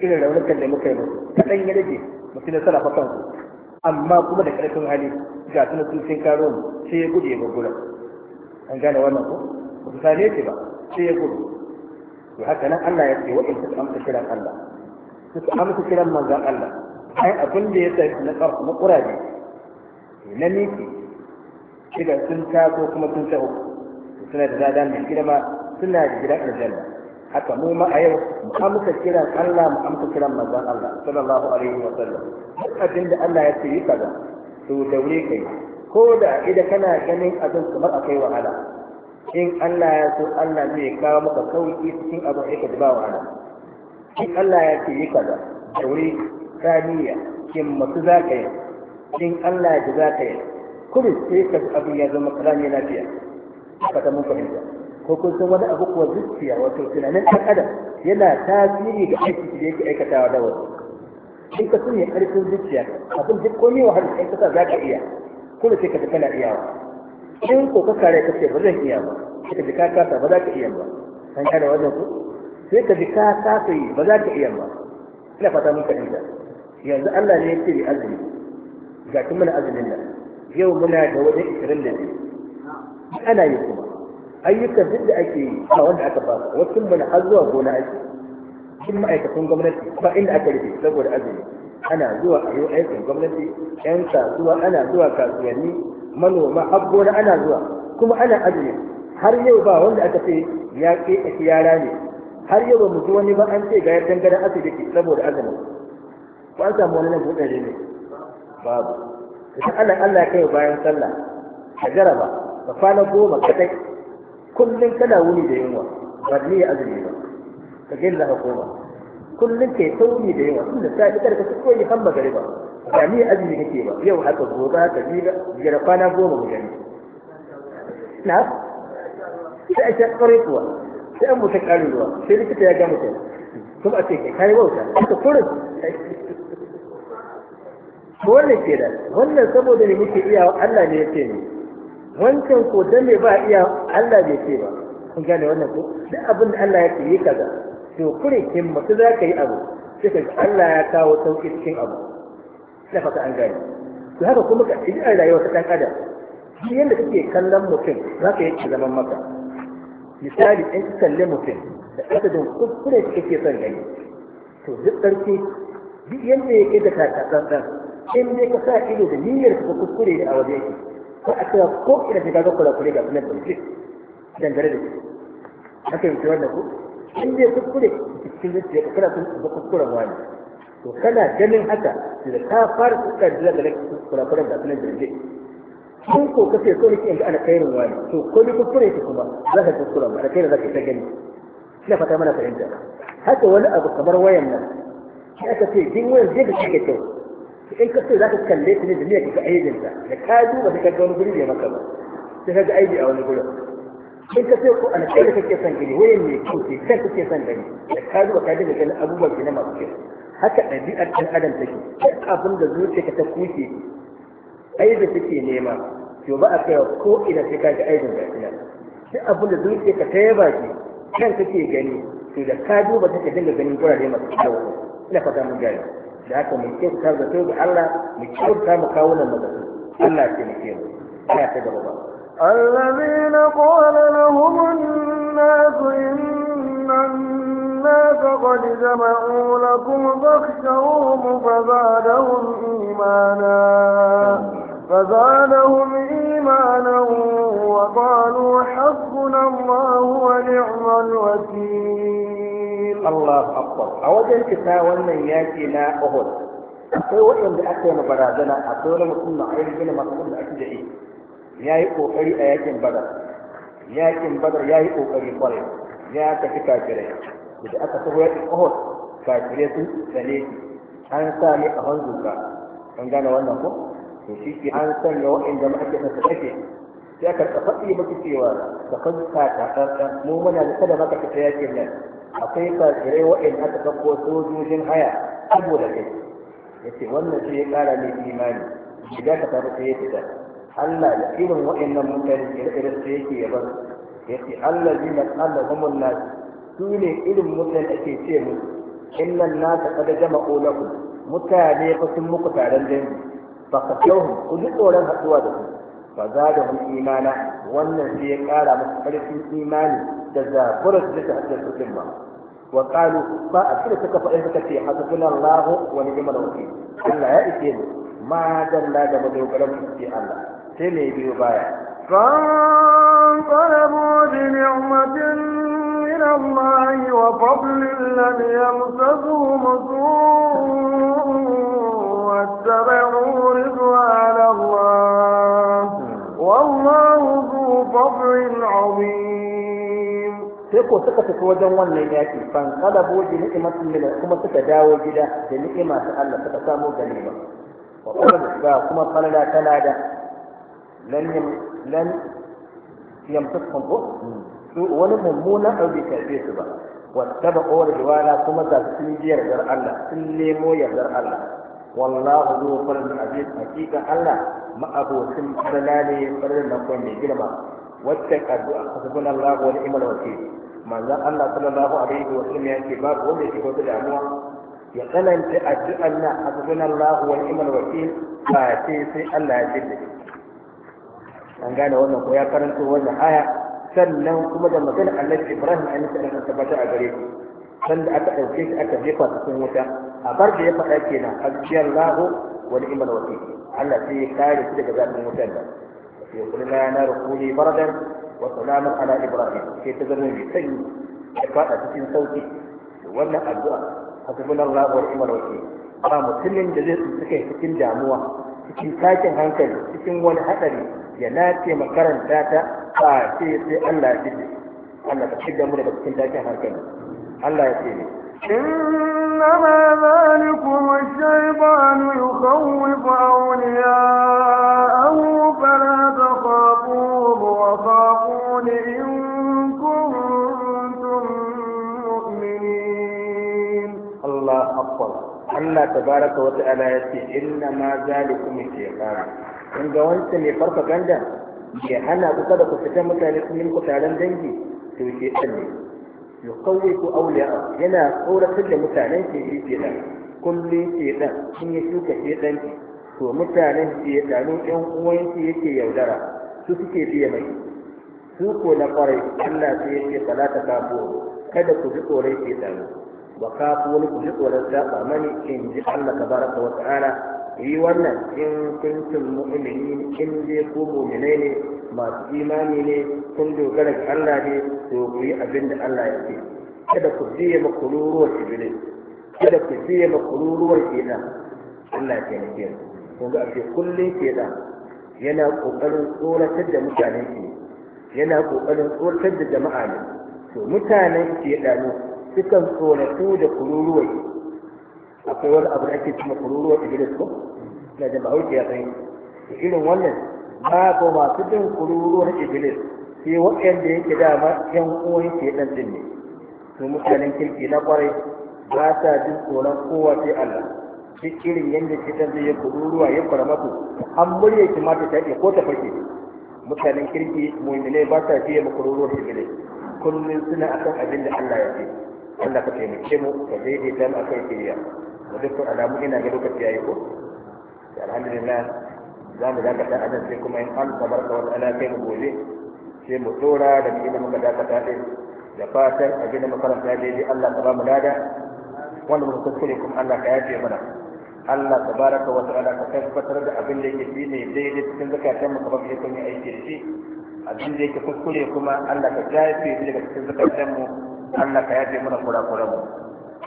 irin raunukan da muka yi musu kaɗan ya rage mutum ya sarrafa kansu amma kuma da ƙarfin hali ga suna sun karo mu sai ya guje ya gura an gane wannan ko ba su same shi ba sai ya gudu to haka nan Allah ya ce wa'in suka amsa kiran Allah suka amsa kiran manzan Allah ai abin da ya tafi na ƙarfi na ƙuraje na miki shiga sun ta kuma sun ta uku suna da zada mai girma suna da gidan aljanna haka mu ma a yau mu amsa kiran Allah mu amsa kiran manzan Allah sallallahu alaihi wa sallam duk abin da Allah ya ce yi kaza to daure kai ko da idan kana ganin abin kamar akai wahala in Allah ya so Allah zai kawo maka sauki cikin abin da ba wahala in Allah ya ce yi kaza da wuri saniya kin mutu za ka yi in Allah ya ji za ka yi sai ka abin ya zama kalami lafiya ka ta mun fahimta ko kun san wani abu kuwa zuciya wato tunanin ɗan adam yana tasiri ga aiki da yake aikatawa da wasu in ka sanya ƙarfin zuciya abin duk komai wahala in ka sa za ka iya kuma sai ka ji kana iyawa in ko ka kare ka ce ba zan iya ba sai ka ji ka kasa ba za ka iya ba san kana wannan ku sai ka ji ka kasa yi ba za ka iya ba ina fata mun fahimta yanzu Allah ne ya ce ni azumi ga kin mana azumin nan yau muna da wajen da 22 ana yi kuma ayyukan duk da ake yi ba wanda aka fasa wasu mana har zuwa gona ake cikin ma'aikatan gwamnati ba inda aka rufe saboda azumi ana zuwa a yi aikin gwamnati yan kasuwa ana zuwa kasuwanni manoma abubuwa ana zuwa kuma ana azumi har yau ba wanda aka ce ya ke a yara ne har yau ba mu ji wani ba an ce ga yardan gadan asibiti saboda azumi ko an samu wani nan buɗe ne babu kusan Allah Allah kai bayan sallah ka ba ka kwana goma kadai kullum kana wuni da yunwa ba ni azumi ba ka gina ka koma kullum kai sauri da yawa tun da safi karka su koyi har magariba ba ni azumi kake ba yau haka gobe haka jiga jira kwana goma mu gani na sai a ce kwarai kuwa sai an mutu ƙarin ruwa sai likita ya gama kai kuma a ce kai kai wauta haka kurin to wannan ke da wannan saboda ne muke iya Allah ne ya ce ne wancan ko dan me ba iya Allah bai ce ba kun gane wannan ko duk abin da Allah ya ce yi kaza to kure himmatu za ka yi abu sai Allah ya kawo sauƙi cikin abu na fata an gani to haka kuma ka yi an rayuwa ta ɗan adam shi yadda kake kallon mutum za ka yi zaman maka misali in ka kalli mutum da adadin kuskure da kake son gani to duk ƙarfi duk yadda ya kai da kakatsan ɗan in dai ka sa ido da niyyar ka kuskure da a waje yake ko a cewa ko ina shiga ga kula-kula ga sunan da dangane da shi haka yanzu wannan ku in dai kuskure cikin zuciya ka kana son ka kuskuren wani to kana ganin haka da ka fara kuskure da daga kurakuren da sunan jirage kun ko kace so nake in ga alkhairin wani to ko ni kuskure ki kuma za ka kuskure ba alkhairin za zaka ta gani ina fata mana fahimta haka wani abu kamar wayan nan sai aka ce din wayan zai ga kike kyau in ka ce za ka kalle ta ne da niyyar ka aibinta da ka duba ka ga wani guri bai maka ba sai ka ga aibi a wani gurin in ka ce ko alkhairi kake son gani wayan mai kyau ke kan kake son gani da ka zuwa ka dinga ganin abubuwan ki na masu kyau haka ɗabi'ar ɗan adam take duk abin da ka ta kuke ai da take nema to ba a kai ko ina sai ka ga aibin gashi nan duk abin da ka ta yaba ki kan kake gani to da ka duba take dinga ganin gurare masu kyau ina fata mun gani da haka mu kyauta zato ga Allah mu kyauta mu kawo nan mazafi Allah ya taimake mu ina ta gaba ba الذين قال لهم الناس إن الناس قد جمعوا لكم فاخشوهم فزادهم إيمانا فزادهم إيمانا وقالوا حسبنا الله ونعم الوكيل الله أكبر أوجه كتاب من ياتي لا أهد akwai waɗanda aka yi barazana a sauran mutum na ayyar ya yi ƙoƙari a yakin badar yakin badar ya yi ƙoƙari kwarai ya tafi kafirai da aka taho yakin ohot kafirai sun tsane an sa ne a hanzuka an gane wannan ko to shi ke an sanya wa'inda ma'ake na su ake sai aka faɗi maka cewa da fanta ta tsarta mu muna da kada maka fita yakin nan akwai kafirai wa'inda aka ɗauko sojojin haya saboda kai yace wannan sai ya ƙara mai imani idan ka tafi sai ya fita Allah da irin waɗannan mutane ire-iren su yake yaban ya ce Allah ji na Allah zaman nasu su ne irin mutane ake ce musu innan nasa kada jama'o lakum mutane fa sun muku taron dangi fa kasauhum ku ji tsoron haɗuwa da su fa zadahum imana wannan sai ya ƙara musu ƙarfin imani da zaburar da ta haɗa su ba wa qalu ba a kira suka faɗi suka ce hasbuna Allah wa ni'mal wakil Allah ya ishe mu ma dalla da madogaran fi Allah sai mai biyo baya فانطلبوا بنعمة من الله وفضل لم يمسسهم سوء واتبعوا رضوان الله والله ذو فضل عظيم sai ko suka tafi wajen wannan yaƙi ban kada boji ni'imatin mina kuma suka dawo gida da ni'ima ta Allah suka samu ba. wa kuma da kuma falala ta lada lan lan yamtaskum su wani mummunan abu bai karbe su ba wattaba qawla riwala kuma da sun ji yardar Allah sun nemo yardar Allah wallahu zu farin aziz hakika Allah ma'abocin dalale farin nan ko mai girma wacce addu'a hasbunallahu wa ni'mal wakeel manzon Allah sallallahu alaihi wa sallam yake ba ko mai shigo damuwa ya tsananta addu'an na hasbunallahu wa ba sai sai Allah ya jinda an gane wannan ko ya karanto wannan aya sannan kuma da magana annabi Ibrahim Anisana yi da tabbata a gare ku sanda aka ɗauke shi aka jefa cikin wuta a bar da ya faɗa kenan hajjiyar lahu wani iman wasi Allah sai ya kare shi daga zafin wutan nan ya kula na yana rukuni baradan wa salamun ala Ibrahim sai ta zama mai sanyi ya faɗa cikin sauki wannan addu'a hasbunan lahu wani iman wasi ba mutumin da zai tsinci kai cikin damuwa cikin takin hankali cikin wani haɗari ya nace mu karanta ta ba ce sai Allah ya ji Allah ka shiga mu daga cikin dakin harkar Allah ya ce إنما ذلكم الشيطان يخوف أولياءه فلا تخافوه وخافون إن كنتم مؤمنين الله أكبر Allah tabaraka wa ta'ala yace inna ma zalikum shaytan kun ga wancan mai ganda ke hana ku kada ku fita mutane sun yi ku taron dangi to ke ɗan ne ya kawai ku auliya yana tsoratar da mutanen ke shi ke ɗan kullum ke ɗan sun yi shuka ke ɗan to mutanen ke ɗanu ɗan uwan ya yake yaudara su suke biya mai su ko na kwarai Allah sai yake fala ta kafo kada ku ji tsorai ke ɗanu wa kafo wani ku ji tsoron saɓa mani in ji Allah baraka wa ta'ala yi wannan in kuntum mu'minin in je ku mu'minai ne masu imani ne kun dogara ga Allah ne to ku yi abin da Allah ya ce kada ku biye ma kururuwar kada ku biye ma ina Allah ya taimake ku kun ga ake kullum da yana kokarin tsoratar da mutane ke. yana kokarin tsoratar da jama'a ne to mutanen ke da ne sukan tsoratu da kururuwar akwai wani abu da ake kururuwa a gidan ko na da bahaushe ya sani irin wannan babu masu kururuwa a gidan sai waɗanda yake dama yan uwan dan din ne su mutanen kirki na kwarai ba sa jin tsoron kowa sai Allah shi irin yadda dan zai yi kururuwa ya kwara masu an murya ki ma ta tafi ko ta fake mutanen kirki mu'minai ba sa fiye ma a gidan kullum suna akan abin da Allah ya ce Allah ka taimake mu ka daidaita mu akan kiriya da dukkan alamu ina ga lokaci yayi ko alhamdulillah za mu dakata adan sai kuma in an tabarka wa ta'ala kai mu gobe sai mu tsora da inda muka dakata din da fatan a gina makaranta daidai Allah ta ba mu lada wanda muka kuskure kuma Allah ka yafe mana Allah tabaraka wa ta'ala ka tabbatar da abin da yake shine daidai cikin zakatan muka kamar yadda kun yi aiki da shi abin da yake kuskure kuma Allah ka yafe mu daga cikin zakatan mu Allah ka yafe mana kura-kura mu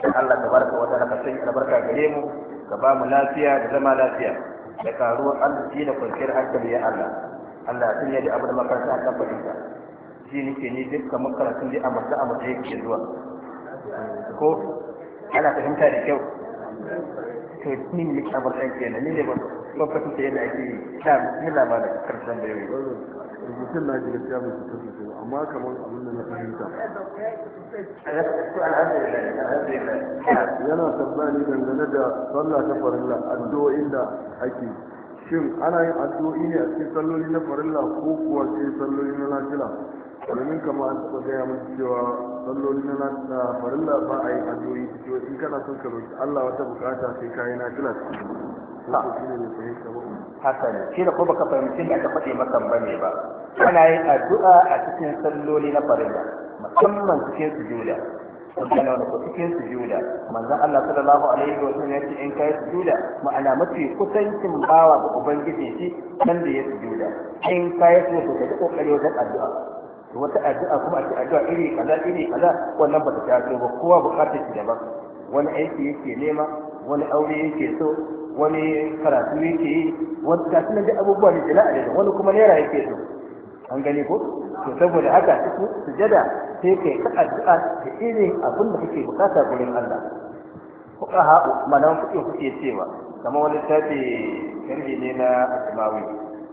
dan Allah tabaraka wa ta'ala ka sanya albarka gare mu ka ba mu lafiya da zama lafiya da karuwar arziki da kwanciyar hankali ya Allah Allah ya sanya da abu da makaranta a kan fahimta shi nake ni dukkan makarantun da amsa a mutum yake zuwa ko ana fahimta da kyau to ni ne ka bar san kenan ni ne ba ba fa tuke yana ake ta ni labarin karshen bayani rubutun na ji gaskiya bai fito sosai amma kamar abin yana da dangane da sallah ta farilla addu'o'in da ake shin ana yin addu'o'i ne a cikin salloli na farilla ko kuwa sai salloli na nafila domin kama an taɓa gaya musu cewa salloli na lantana farilla ba a yi addu'o'i cewa in kana son ka roki Allah wata bukata sai ka yi su haka ne shi da ko baka fahimci da aka faɗi maka ne ba ana yin addu'a a cikin salloli na farilla musamman cikin sujuda sannan wani ko cikin sujuda manzon Allah sallallahu alaihi wa sallam ce in kai sujuda ma'ana mafi kusancin bawa ga ubangiji shi nan da ya sujuda in kai sujuda ka yi kokari wajen addu'a wata addu'a kuma ake addu'a iri kaza iri kaza wannan ba ta taso ba kowa bukatar shi daban wani aiki yake nema wani aure yake so wani karatu yake yi wani kasu na duk abubuwa ne jila a wani kuma naira yake so an gani ko to saboda haka su sujada sai kai ka addu'a da irin abin da kake bukata gurin Allah fuqaha malan kuɗi kuke cewa kamar wani tafi sharhi ne na asmawi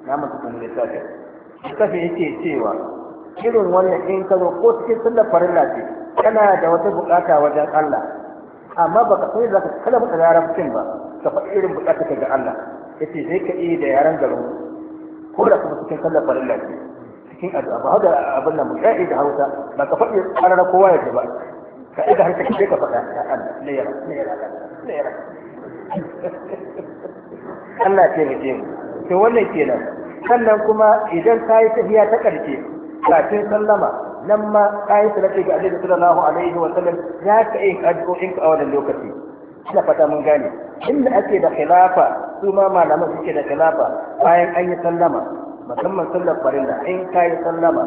na mutum ne tafi tafi yake cewa irin wannan in ka zo ko cikin sallar farilla ce kana da wata bukata wajen Allah amma baka san zaka yaran larabcin ba ka faɗi irin bukata ka ga Allah yace zai ka yi da yaran garin ko da kuma cikin sallar farilla ce cikin addu'a ba da abin nan mutai da Hausa ba ka faɗi karara kowa ya ji ba ka idan har kake ka faɗa ya Allah ne ya ne ya ne ya Allah ce mu to wannan kenan sannan kuma idan ta yi tafiya ta ƙarshe kafin sallama nan ma na salati ga annabi sallallahu alaihi wa sallam ya ka yin addu'o'in ka a wannan lokaci ina fata mun gane inda ake da khilafa su ma malaman suke da khilafa bayan an yi sallama musamman sallar farilla in kayi sallama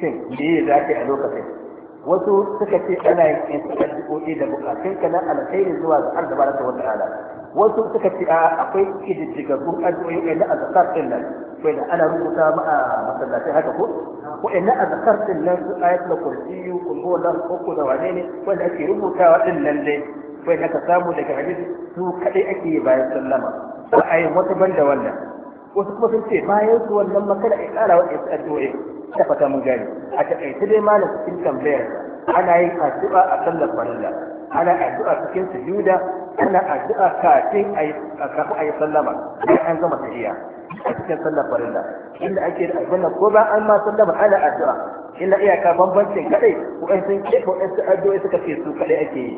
shin me da ake a lokacin wasu suka ce ana yin addu'o'i da bukatun ka na alkhairi zuwa ga Allah tabaraka wa ta'ala wasu suka ce a akwai kididdigaggun addu'o'i na azakar din nan wanda ana rubuta ma a masallatai haka ko wa'annan azkar din nan su ayatul kursi kul huwa allah ko da wane ne wanda ake rubuta wa din nan dai wanda ka samu daga hadisi su kadai ake bayan sallama ba a yi wata ban da wannan wasu kuma sun ce bayan su wannan makana ya ƙara wa isa addu'o'i ta fata mun gani a takaice dai malam cikin tambayar ana yin addu'a a sallar farilla ana addu'a cikin sujuda ana addu'a kafin a a yi sallama sai an zama tafiya a cikin sallar farilla inda ake da aljanna ko ba an ma sallama ana addu'a illa iyaka bambancin kadai ko an sun ke ko an su addu'a suka ce su kadai ake yi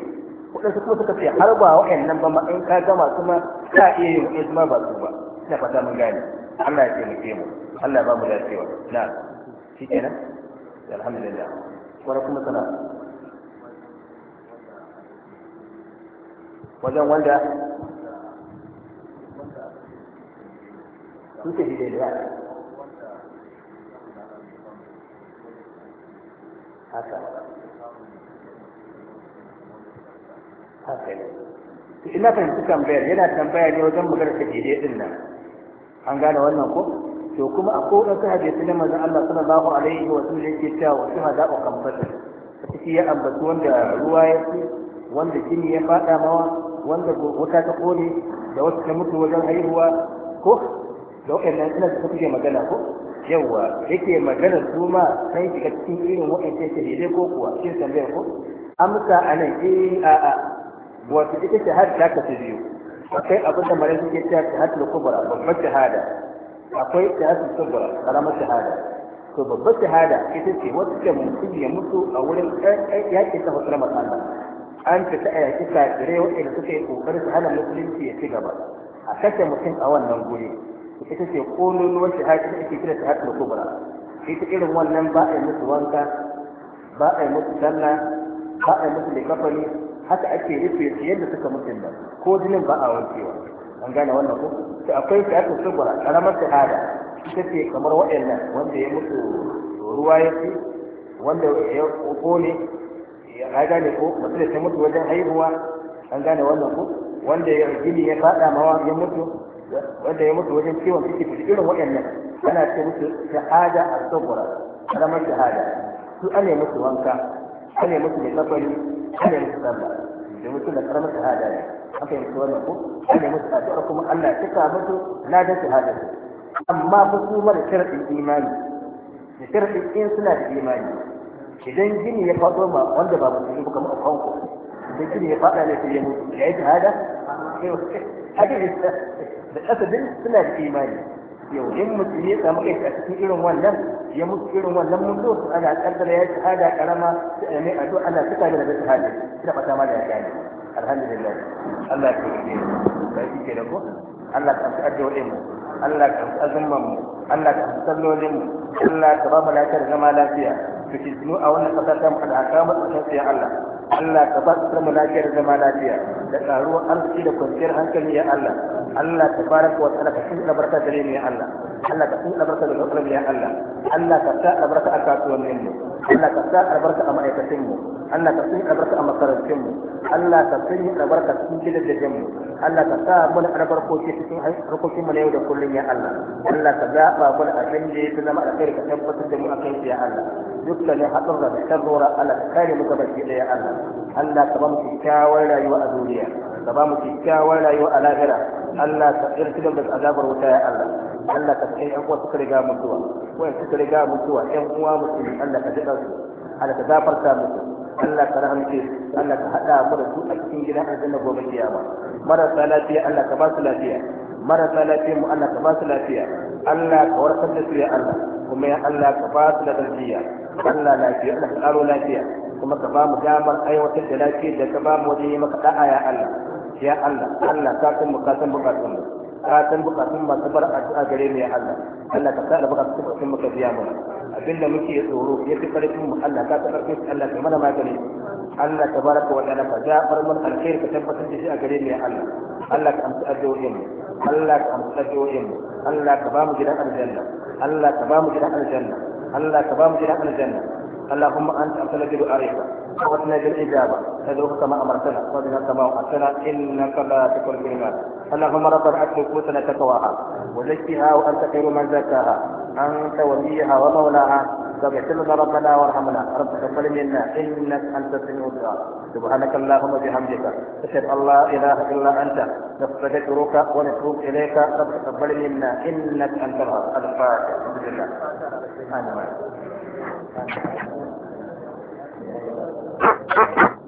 waɗansu kuma suka ce har ba wa'annan ba ma in ka gama kuma ka iya yin wa'ansu ma ba su ba ina fata mun gane Allah ya taimake mu Allah ya ba mu dacewa na shi kenan alhamdulillah wa kuma salam wajen wanda suke tafi daidai haka haka ne ina fahimci tambayar yana tambaya ne wajen maganar ta daidai din nan an gane wannan ko to kuma a kowace hadisi na mazan Allah sallallahu alaihi wa sallam yake cewa wasu hada'u kamfata ciki ya ambaci wanda ruwa ya fi, wanda jini ya fada mawa wanda wata ta kone da wasu ta mutu wajen haihuwa ko da waɗannan suna da kuke magana ko yawa yake magana su ma sai shiga cikin irin waɗancan daidai ko kuwa shin tambayar ko amsa a nan eh a a wato ita har ta kace biyu akwai abin da marar suke cewa shahadatul kubra babbar shahada akwai shahadatul kubra karamar shahada to babbar shahada ita ce ce mutum ya mutu a wurin eh, eh, yaƙin ta hukumar Allah an fita a yaki kafirai waɗanda suka yi ƙoƙarin su hana musulunci ya ci gaba a kashe mutum a wannan guri ita ce shi haƙi da ake kira shahada kubra shi ta irin wannan ba a yi musu wanka ba a yi musu sallah ba a yi musu likafani haka ake rufe su yadda suka mutum ba ko jinin ba a wankewa an gane wannan ko to akwai shahada kubra karamar shahada ita ce kamar waɗannan wanda ya mutu ruwa ya ci wanda ya ƙone ya gane ko mutum da ta mutu wajen haihuwa an gane wannan ko wanda ya gini ya fada mawa ya mutu wanda ya mutu wajen ciwon ciki da irin waɗannan ana ce musu shahada a sabura karamar shahada su ane musu wanka ane musu da kafari ane musu sallah da mutu da karamar shahada ne an fahimci wannan ko ane musu addu'ar kuma Allah ya na musu ladan shahada amma kuma mara sharɗin imani da sharɗin in suna da imani idan gini ya faɗo ma wanda ba musulmi ba kamar akwai ko idan gini ya faɗa ne sai ya mutu ya yi hada hadin da asadin suna da imani yau in mutum ya samu kai a cikin irin wannan ya mutu irin wannan mun zo su ana kaddara ya ci hada karama su ne a zo ana tuka da daga hada ina fata ma da ya gane alhamdulillah Allah ya kare ba shi ke da ko Allah ka amsa addu'o'in mu Allah ka amsa azumman mu Allah ka amsa sallolin mu Allah ka ba mu da zama lafiya da a wannan kasa ta mu da matsakaiciyar Allah Allah ka ba su samu lafiyar zama lafiya da ƙaruwar arziki da kwanciyar hankali ya Allah Allah ta baraka wa ta'ala ka sun albarka da ya Allah Allah ka sun albarka da ya Allah Allah ka sa albarka a kasuwannin mu Allah ka sa albarka a ma'aikatan mu Allah ka sanya albarka a makarantun mu Allah ka sanya albarka cikin gidajen mu Allah ka sa mana albarkoci cikin harkokin mu na yau da kullum ya Allah Allah ka zaba mana abin da ya zama alkhairi ka tabbatar da mu a shi ya Allah dukkanin haɗin da sharrora Allah ka kare mu gaba ki ya Allah Allah ka ba mu kyakkyawar rayuwa a duniya ka ba mu kyakkyawar rayuwa a lahira Allah ka irtigar da azabar wuta ya Allah Allah ka kai yan uwa suka riga mutuwa wai suka riga mutuwa yan uwa musulmi Allah ka jira su Allah ka gafarta musu Allah ka rahamce su Allah ka hada mu da su a cikin gidan aljanna gobe kiyama marasa lafiya Allah ka ba su lafiya marasa lafiya mu Allah ka ba su lafiya Allah ka warkar da su ya Allah kuma ya Allah ka ba su lafiya Allah lafiya Allah ka karo lafiya kuma ka ba mu damar aiwatar da lafiya da ka ba mu wajen yi maka da'a ya Allah ya Allah Allah ka san mu san bukatun mu ka san bukatun masu bar addu'a gare mu ya Allah Allah ka sa da bukatun mu ka biya mu abinda muke tsoro ya fi karfin mu Allah ka ta karfin Allah ka mana magani Allah tabaraka wa ta'ala ka jafar mun alkhair ka tabbatar da shi a gare mu ya Allah Allah ka amsa addu'o'in mu Allah ka amsa addu'o'in mu Allah ka ba mu gidan aljanna Allah ka ba mu gidan aljanna Allah ka ba mu gidan aljanna اللهم أنت الذي بدعائك وقتنا بالإجابة ندعوك كما أمرتنا وبنا كما وعدتنا إنك لا تكل الكلمات اللهم رب العبد نفوسنا تقواها وزكها وأنت خير من زكاها أنت وليها ومولاها فاغفر لنا ربنا وارحمنا رب اغفر منا إنك أنت السميع الدعاء سبحانك اللهم وبحمدك أشهد أن لا إله إلا أنت نستغفرك ونتوب إليك رب تقبل منا إنك أنت الفاتح الحمد لله Thank you.